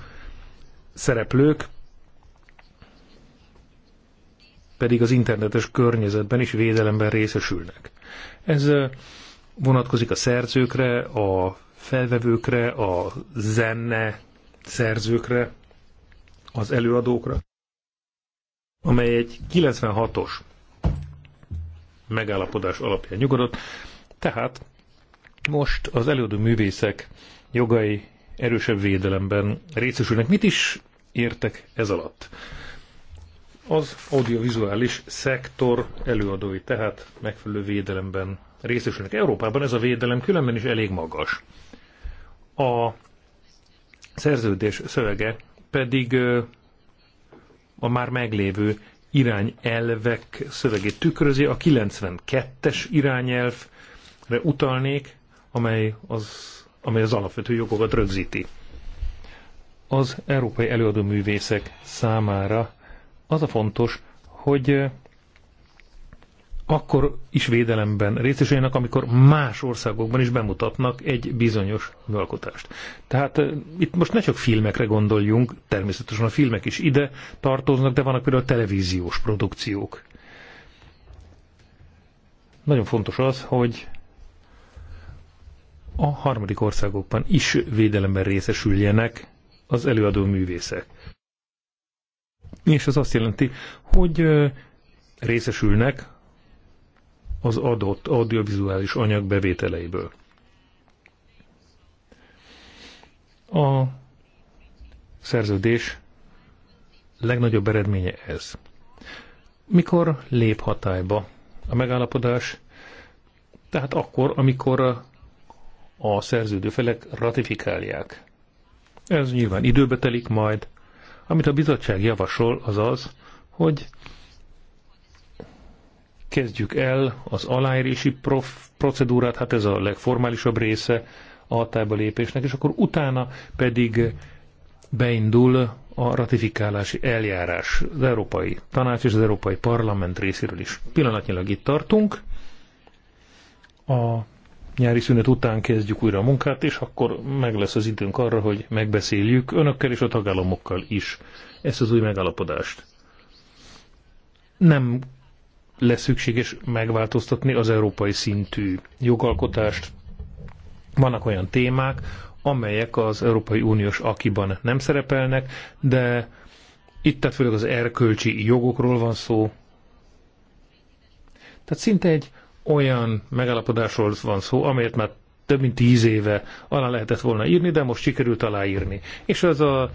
szereplők pedig az internetes környezetben is védelemben részesülnek. Ez vonatkozik a szerzőkre, a felvevőkre, a zenne szerzőkre, az előadókra, amely egy 96-os megállapodás alapján nyugodott. Tehát most az előadó művészek jogai erősebb védelemben részesülnek. Mit is értek ez alatt? az audiovizuális szektor előadói, tehát megfelelő védelemben részesülnek. Európában ez a védelem különben is elég magas. A szerződés szövege pedig a már meglévő irányelvek szövegét tükrözi, a 92-es irányelvre utalnék, amely az, amely az alapvető jogokat rögzíti. Az európai előadóművészek számára az a fontos, hogy akkor is védelemben részesüljenek, amikor más országokban is bemutatnak egy bizonyos alkotást. Tehát itt most ne csak filmekre gondoljunk, természetesen a filmek is ide tartoznak, de vannak például televíziós produkciók. Nagyon fontos az, hogy a harmadik országokban is védelemben részesüljenek az előadó művészek. És ez azt jelenti, hogy részesülnek az adott audiovizuális anyag bevételeiből. A szerződés legnagyobb eredménye ez. Mikor lép hatályba a megállapodás? Tehát akkor, amikor a szerződő felek ratifikálják. Ez nyilván időbe telik majd, amit a bizottság javasol, az az, hogy kezdjük el az aláírási prof procedúrát, hát ez a legformálisabb része a hatályba lépésnek, és akkor utána pedig beindul a ratifikálási eljárás az Európai Tanács és az Európai Parlament részéről is. Pillanatnyilag itt tartunk. A nyári szünet után kezdjük újra a munkát, és akkor meg lesz az időnk arra, hogy megbeszéljük önökkel és a tagállamokkal is ezt az új megállapodást. Nem lesz szükséges megváltoztatni az európai szintű jogalkotást. Vannak olyan témák, amelyek az Európai Uniós akiban nem szerepelnek, de itt tehát főleg az erkölcsi jogokról van szó. Tehát szinte egy olyan megállapodásról van szó, amelyet már több mint tíz éve alá lehetett volna írni, de most sikerült aláírni. És az a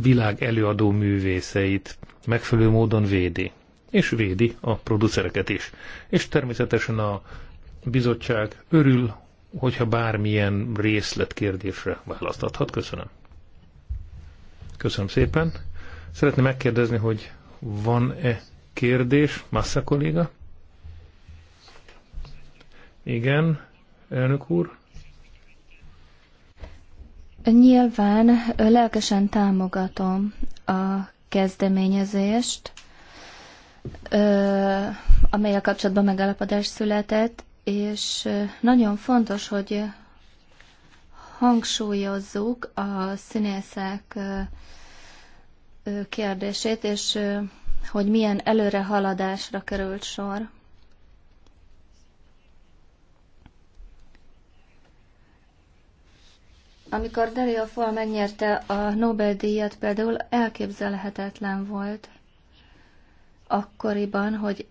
világ előadó művészeit megfelelő módon védi. És védi a producereket is. És természetesen a bizottság örül, hogyha bármilyen részletkérdésre választ Köszönöm. Köszönöm szépen. Szeretném megkérdezni, hogy van-e kérdés, Massa kolléga? Igen, elnök úr. Nyilván lelkesen támogatom a kezdeményezést, amelyel kapcsolatban megállapodás született, és nagyon fontos, hogy hangsúlyozzuk a színészek kérdését, és hogy milyen előrehaladásra került sor. Amikor Delia Fall megnyerte a Nobel-díjat például elképzelhetetlen volt akkoriban, hogy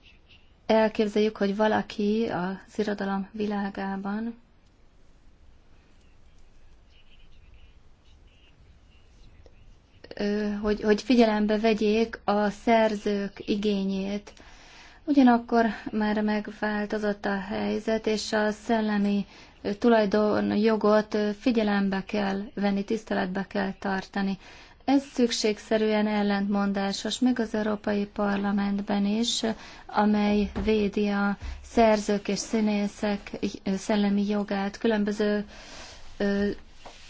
elképzeljük, hogy valaki az irodalom világában hogy, hogy figyelembe vegyék a szerzők igényét, Ugyanakkor már megváltozott a helyzet, és a szellemi tulajdonjogot figyelembe kell venni, tiszteletbe kell tartani. Ez szükségszerűen ellentmondásos, még az Európai Parlamentben is, amely védi a szerzők és színészek szellemi jogát különböző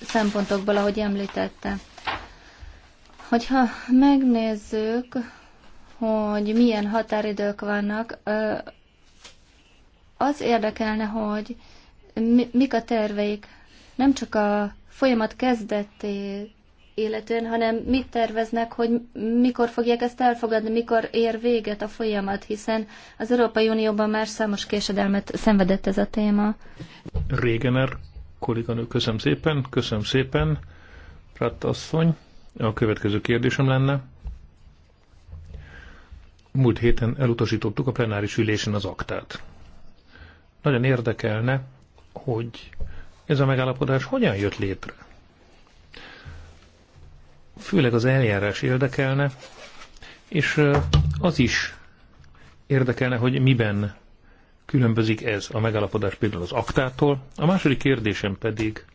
szempontokból, ahogy említette. Hogyha megnézzük hogy milyen határidők vannak. Az érdekelne, hogy mik a terveik, nem csak a folyamat kezdetét, illetően, hanem mit terveznek, hogy mikor fogják ezt elfogadni, mikor ér véget a folyamat, hiszen az Európai Unióban már számos késedelmet szenvedett ez a téma. Régener kolléganő, köszönöm szépen, köszönöm szépen, Pratt asszony. A következő kérdésem lenne, múlt héten elutasítottuk a plenáris ülésen az aktát. Nagyon érdekelne, hogy ez a megállapodás hogyan jött létre. Főleg az eljárás érdekelne, és az is érdekelne, hogy miben különbözik ez a megállapodás például az aktától. A második kérdésem pedig,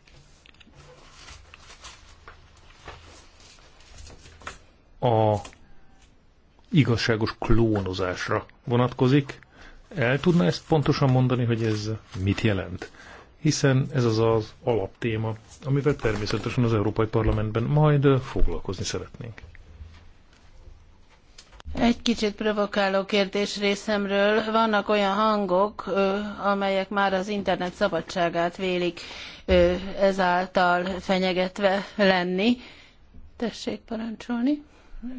a igazságos klónozásra vonatkozik. El tudná ezt pontosan mondani, hogy ez mit jelent? Hiszen ez az az alaptéma, amivel természetesen az Európai Parlamentben majd foglalkozni szeretnénk. Egy kicsit provokáló kérdés részemről. Vannak olyan hangok, amelyek már az internet szabadságát vélik ezáltal fenyegetve lenni. Tessék parancsolni.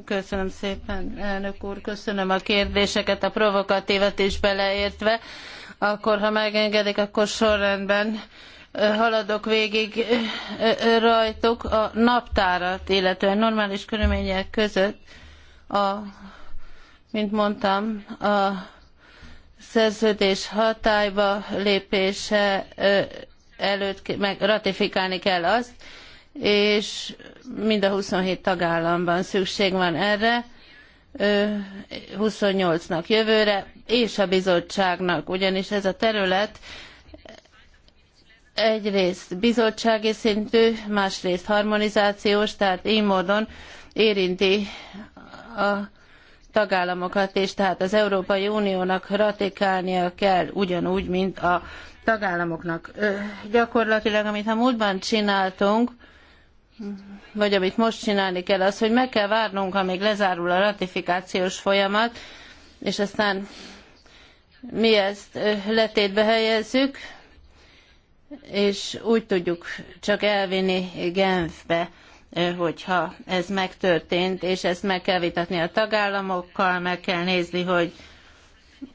Köszönöm szépen, elnök úr, köszönöm a kérdéseket, a provokatívat is beleértve. Akkor, ha megengedik, akkor sorrendben haladok végig rajtuk a naptárat, illetően normális körülmények között a, mint mondtam, a szerződés hatályba lépése előtt meg ratifikálni kell azt, és mind a 27 tagállamban szükség van erre, 28-nak jövőre, és a bizottságnak, ugyanis ez a terület egyrészt bizottsági szintű, másrészt harmonizációs, tehát így módon érinti a tagállamokat, és tehát az Európai Uniónak ratikálnia kell ugyanúgy, mint a tagállamoknak. Ö, gyakorlatilag, amit a múltban csináltunk, vagy amit most csinálni kell, az, hogy meg kell várnunk, amíg lezárul a ratifikációs folyamat, és aztán mi ezt letétbe helyezzük, és úgy tudjuk csak elvinni Genfbe, hogyha ez megtörtént, és ezt meg kell vitatni a tagállamokkal, meg kell nézni, hogy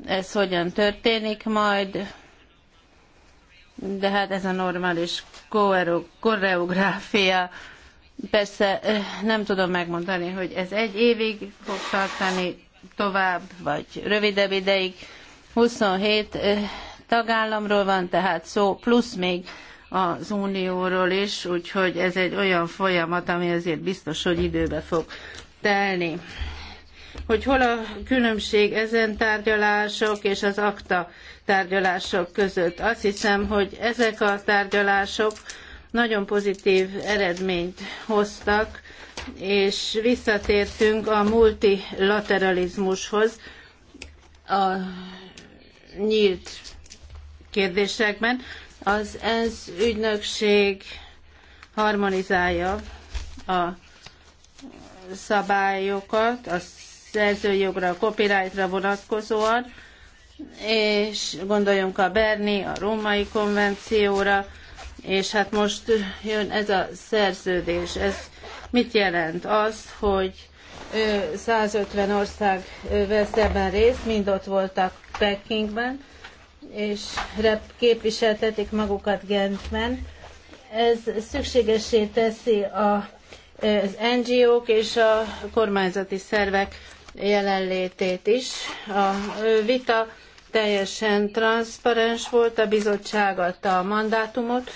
ez hogyan történik majd, de hát ez a normális koreográfia Persze nem tudom megmondani, hogy ez egy évig fog tartani tovább, vagy rövidebb ideig. 27 tagállamról van tehát szó, plusz még az unióról is, úgyhogy ez egy olyan folyamat, ami azért biztos, hogy időbe fog telni. Hogy hol a különbség ezen tárgyalások és az akta tárgyalások között. Azt hiszem, hogy ezek a tárgyalások nagyon pozitív eredményt hoztak, és visszatértünk a multilateralizmushoz a nyílt kérdésekben. Az ENSZ ügynökség harmonizálja a szabályokat, a szerzőjogra, a copyrightra vonatkozóan, és gondoljunk a Berni, a római konvencióra, és hát most jön ez a szerződés. Ez mit jelent? Az, hogy 150 ország vesz ebben részt, mind ott voltak Pekingben, és képviseltetik magukat Gentben. Ez szükségesé teszi a, az NGO-k és a kormányzati szervek jelenlétét is. A vita teljesen transzparens volt, a bizottság adta a mandátumot,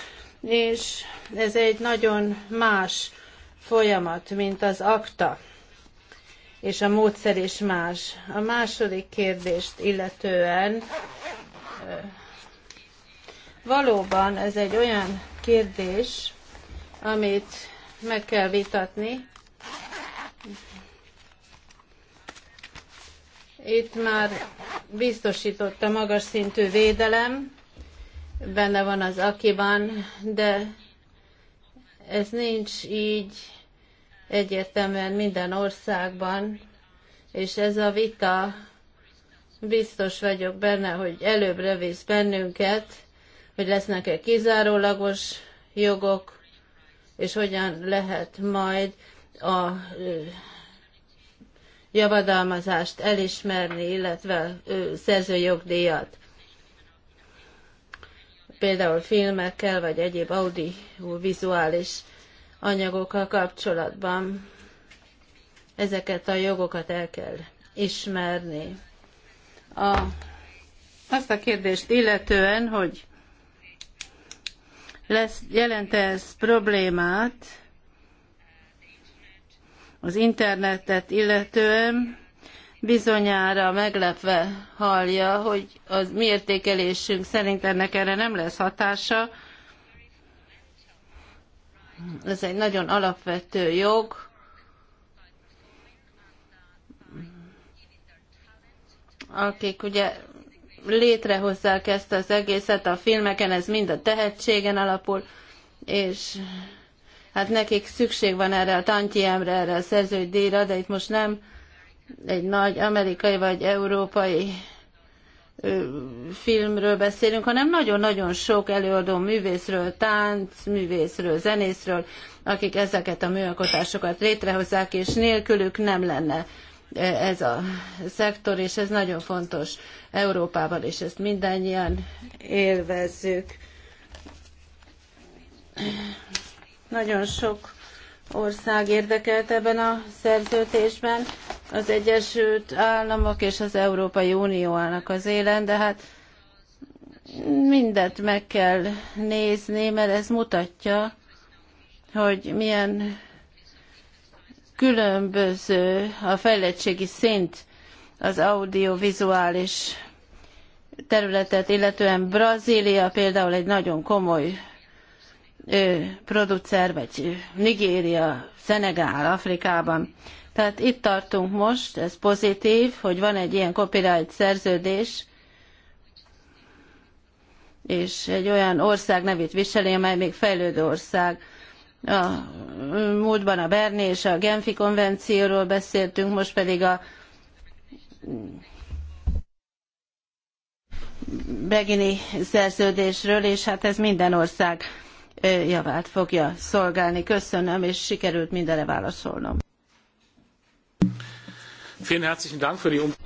és ez egy nagyon más folyamat, mint az akta, és a módszer is más. A második kérdést illetően valóban ez egy olyan kérdés, amit meg kell vitatni. Itt már biztosított a magas szintű védelem, benne van az akiban, de ez nincs így egyértelműen minden országban, és ez a vita biztos vagyok benne, hogy előbbre visz bennünket, hogy lesznek-e kizárólagos jogok, és hogyan lehet majd a javadalmazást elismerni, illetve szerzőjogdíjat például filmekkel, vagy egyéb audiovizuális anyagokkal kapcsolatban ezeket a jogokat el kell ismerni. A, azt a kérdést illetően, hogy lesz, jelente ez problémát az internetet illetően, bizonyára meglepve hallja, hogy az mi értékelésünk szerint ennek erre nem lesz hatása. Ez egy nagyon alapvető jog, akik ugye létrehozzák ezt az egészet a filmeken, ez mind a tehetségen alapul, és hát nekik szükség van erre a tantiemre, erre a szerződíjra, de itt most nem egy nagy amerikai vagy európai filmről beszélünk, hanem nagyon-nagyon sok előadó művészről, tánc, művészről, zenészről, akik ezeket a műalkotásokat létrehozzák, és nélkülük nem lenne ez a szektor, és ez nagyon fontos Európában, és ezt mindannyian élvezzük. Nagyon sok ország érdekelt ebben a szerződésben, az Egyesült Államok és az Európai Unió állnak az élen, de hát mindent meg kell nézni, mert ez mutatja, hogy milyen különböző a fejlettségi szint az audiovizuális területet, illetően Brazília például egy nagyon komoly producer, vagy Nigéria, Szenegál, Afrikában. Tehát itt tartunk most, ez pozitív, hogy van egy ilyen copyright szerződés, és egy olyan ország nevét viseli, amely még fejlődő ország. A múltban a Berni és a Genfi konvencióról beszéltünk, most pedig a Begini szerződésről, és hát ez minden ország javát fogja szolgálni. Köszönöm, és sikerült mindenre válaszolnom. Um-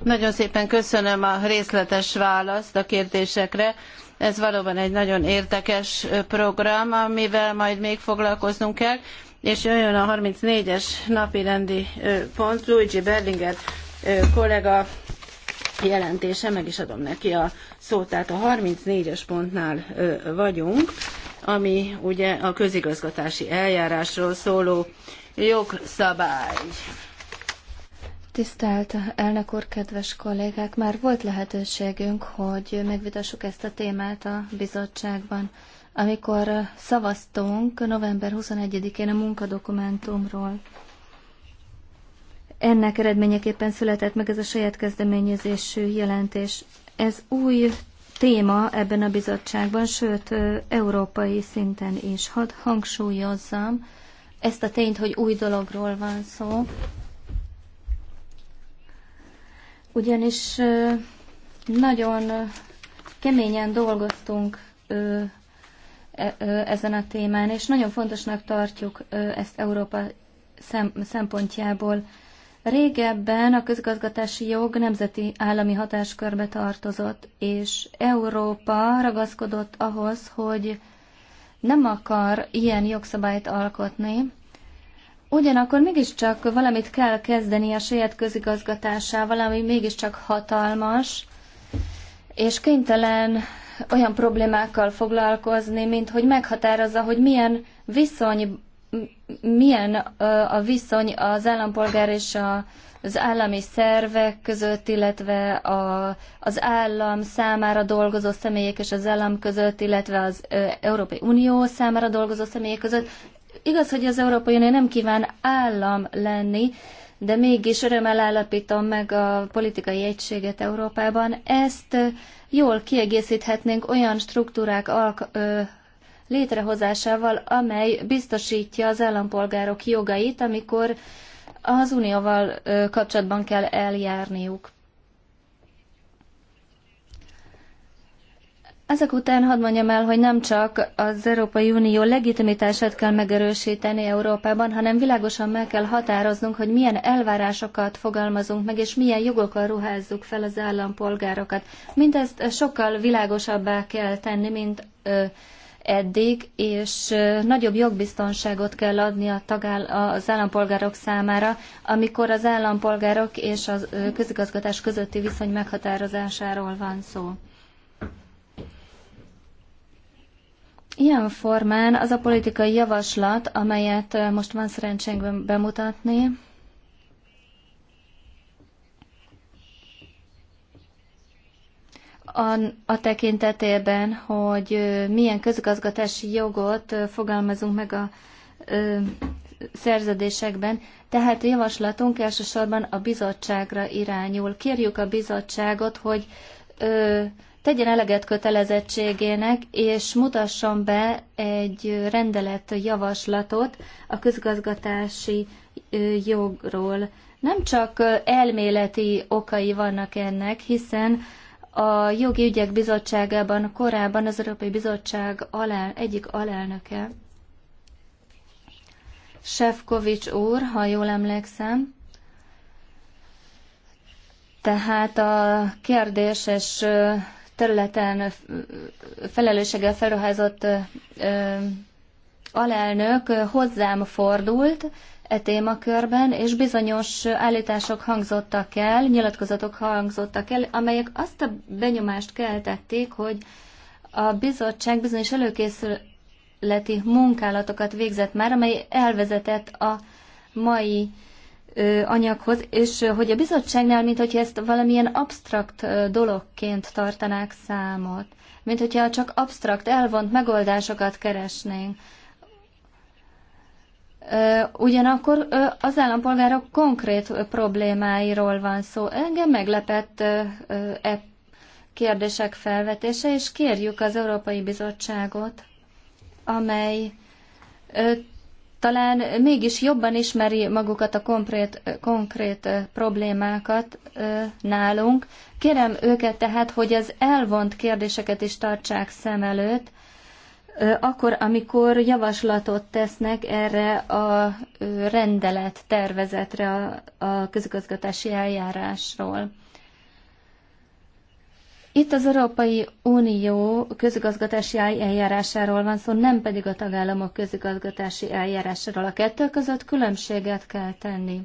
nagyon szépen köszönöm a részletes választ a kérdésekre. Ez valóban egy nagyon érdekes program, amivel majd még foglalkoznunk kell. És jöjjön a 34-es napirendi pont, Luigi Berlinger kollega jelentése, meg is adom neki a szót. Tehát a 34-es pontnál vagyunk ami ugye a közigazgatási eljárásról szóló jogszabály. Tisztelt elnök úr, kedves kollégák! Már volt lehetőségünk, hogy megvitassuk ezt a témát a bizottságban. Amikor szavaztunk november 21-én a munkadokumentumról, ennek eredményeképpen született meg ez a saját kezdeményezésű jelentés. Ez új téma ebben a bizottságban, sőt, európai szinten is. Hadd hangsúlyozzam ezt a tényt, hogy új dologról van szó. Ugyanis nagyon keményen dolgoztunk e, ezen a témán, és nagyon fontosnak tartjuk ezt Európa szempontjából. Régebben a közgazgatási jog nemzeti állami hatáskörbe tartozott, és Európa ragaszkodott ahhoz, hogy nem akar ilyen jogszabályt alkotni, Ugyanakkor mégiscsak valamit kell kezdeni a saját közigazgatásával, ami mégiscsak hatalmas, és kénytelen olyan problémákkal foglalkozni, mint hogy meghatározza, hogy milyen viszony milyen a viszony az állampolgár és a, az állami szervek között, illetve a, az állam számára dolgozó személyek és az állam között, illetve az Európai Unió számára dolgozó személyek között. Igaz, hogy az Európai Unió nem kíván állam lenni, de mégis örömmel állapítom meg a politikai egységet Európában. Ezt jól kiegészíthetnénk olyan struktúrák alk- létrehozásával, amely biztosítja az állampolgárok jogait, amikor az unióval kapcsolatban kell eljárniuk. Ezek után hadd mondjam el, hogy nem csak az Európai Unió legitimitását kell megerősíteni Európában, hanem világosan meg kell határoznunk, hogy milyen elvárásokat fogalmazunk meg, és milyen jogokkal ruházzuk fel az állampolgárokat. Mindezt sokkal világosabbá kell tenni, mint ö, eddig, és nagyobb jogbiztonságot kell adni a tagáll- az állampolgárok számára, amikor az állampolgárok és a közigazgatás közötti viszony meghatározásáról van szó. Ilyen formán az a politikai javaslat, amelyet most van szerencsénk bemutatni, a, a tekintetében, hogy milyen közigazgatási jogot fogalmazunk meg a ö, szerződésekben. Tehát javaslatunk elsősorban a bizottságra irányul. Kérjük a bizottságot, hogy ö, tegyen eleget kötelezettségének, és mutasson be egy rendelet javaslatot a közgazgatási jogról. Nem csak elméleti okai vannak ennek, hiszen a Jogi Ügyek Bizottságában korábban az Európai Bizottság alel, egyik alelnöke, Sefkovics úr, ha jól emlékszem, tehát a kérdéses területen felelősséggel felruházott alelnök hozzám fordult, e témakörben, és bizonyos állítások hangzottak el, nyilatkozatok hangzottak el, amelyek azt a benyomást keltették, hogy a bizottság bizonyos előkészületi munkálatokat végzett már, amely elvezetett a mai anyaghoz, és hogy a bizottságnál, mint hogyha ezt valamilyen absztrakt dologként tartanák számot, mint hogyha csak absztrakt, elvont megoldásokat keresnénk. Ugyanakkor az állampolgárok konkrét problémáiról van szó. Engem meglepett e kérdések felvetése, és kérjük az Európai Bizottságot, amely talán mégis jobban ismeri magukat a konkrét, konkrét problémákat nálunk. Kérem őket tehát, hogy az elvont kérdéseket is tartsák szem előtt, akkor, amikor javaslatot tesznek erre a rendelet tervezetre a közigazgatási eljárásról. Itt az Európai Unió közigazgatási eljárásáról van szó, nem pedig a tagállamok közigazgatási eljárásáról. A kettő között különbséget kell tenni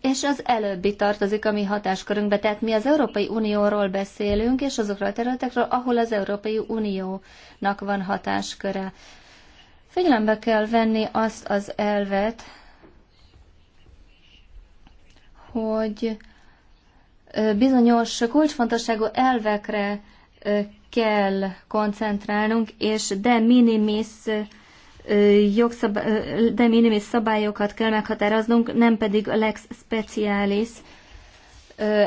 és az előbbi tartozik a mi hatáskörünkbe, tehát mi az Európai Unióról beszélünk, és azokról a területekről, ahol az Európai Uniónak van hatásköre. Figyelembe kell venni azt az elvet, hogy bizonyos kulcsfontosságú elvekre kell koncentrálnunk, és de minimis de minimis szabályokat kell meghatároznunk, nem pedig a lex specialis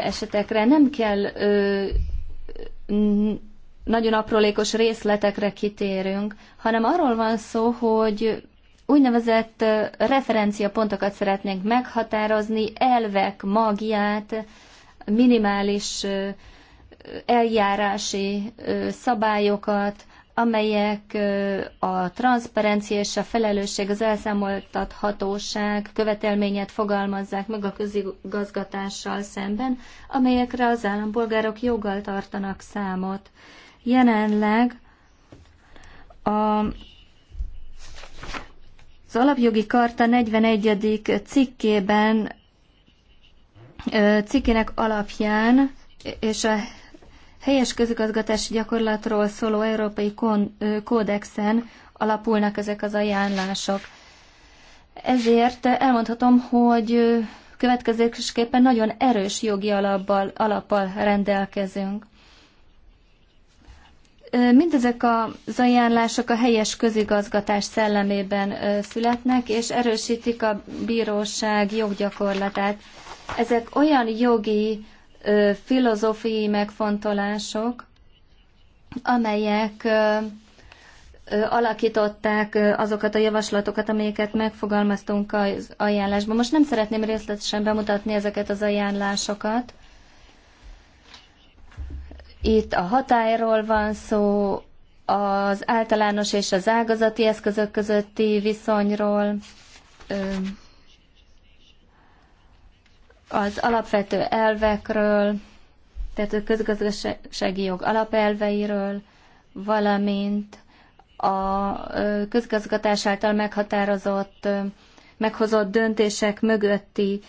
esetekre. Nem kell nagyon aprólékos részletekre kitérünk, hanem arról van szó, hogy úgynevezett referenciapontokat szeretnénk meghatározni, elvek magját, minimális eljárási szabályokat, amelyek a transzparencia és a felelősség, az elszámoltathatóság követelményet fogalmazzák meg a közigazgatással szemben, amelyekre az állampolgárok joggal tartanak számot. Jelenleg a az alapjogi karta 41. cikkében cikkének alapján és a helyes közigazgatási gyakorlatról szóló európai kon, kódexen alapulnak ezek az ajánlások. Ezért elmondhatom, hogy következésképpen nagyon erős jogi alappal, alappal rendelkezünk. Mindezek az ajánlások a helyes közigazgatás szellemében születnek, és erősítik a bíróság joggyakorlatát. Ezek olyan jogi filozófiai megfontolások, amelyek alakították azokat a javaslatokat, amelyeket megfogalmaztunk az ajánlásban. Most nem szeretném részletesen bemutatni ezeket az ajánlásokat. Itt a hatályról van szó, az általános és az ágazati eszközök közötti viszonyról, az alapvető elvekről, tehát a közgazdasági jog alapelveiről, valamint a közgazgatás által meghatározott, meghozott döntések mögötti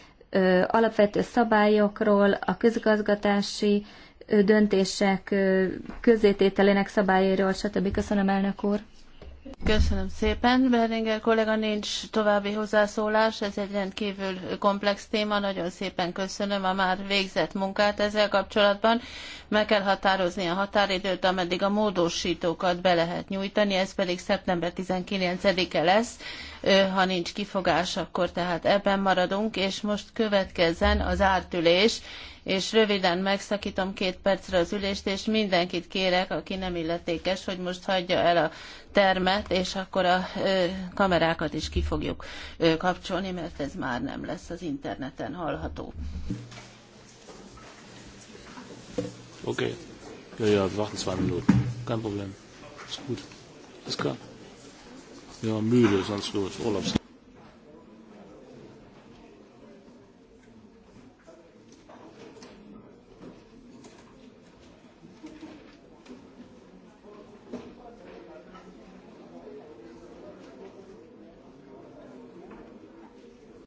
alapvető szabályokról, a közgazgatási döntések közzétételének szabályairól, stb. Köszönöm, elnök úr! Köszönöm szépen. Berlinger kollega, nincs további hozzászólás, ez egy rendkívül komplex téma, nagyon szépen köszönöm a már végzett munkát ezzel kapcsolatban. Meg kell határozni a határidőt, ameddig a módosítókat be lehet nyújtani, ez pedig szeptember 19-e lesz. Ha nincs kifogás, akkor tehát ebben maradunk, és most következzen az ártülés és röviden megszakítom két percre az ülést, és mindenkit kérek, aki nem illetékes, hogy most hagyja el a termet, és akkor a ö, kamerákat is ki fogjuk ö, kapcsolni, mert ez már nem lesz az interneten hallható. Okay. jaj, ja, wir warten zwei Minuten. Kein Problem. Ist gut. Ist klar. Ja, müde, sonst los. Urlaubs.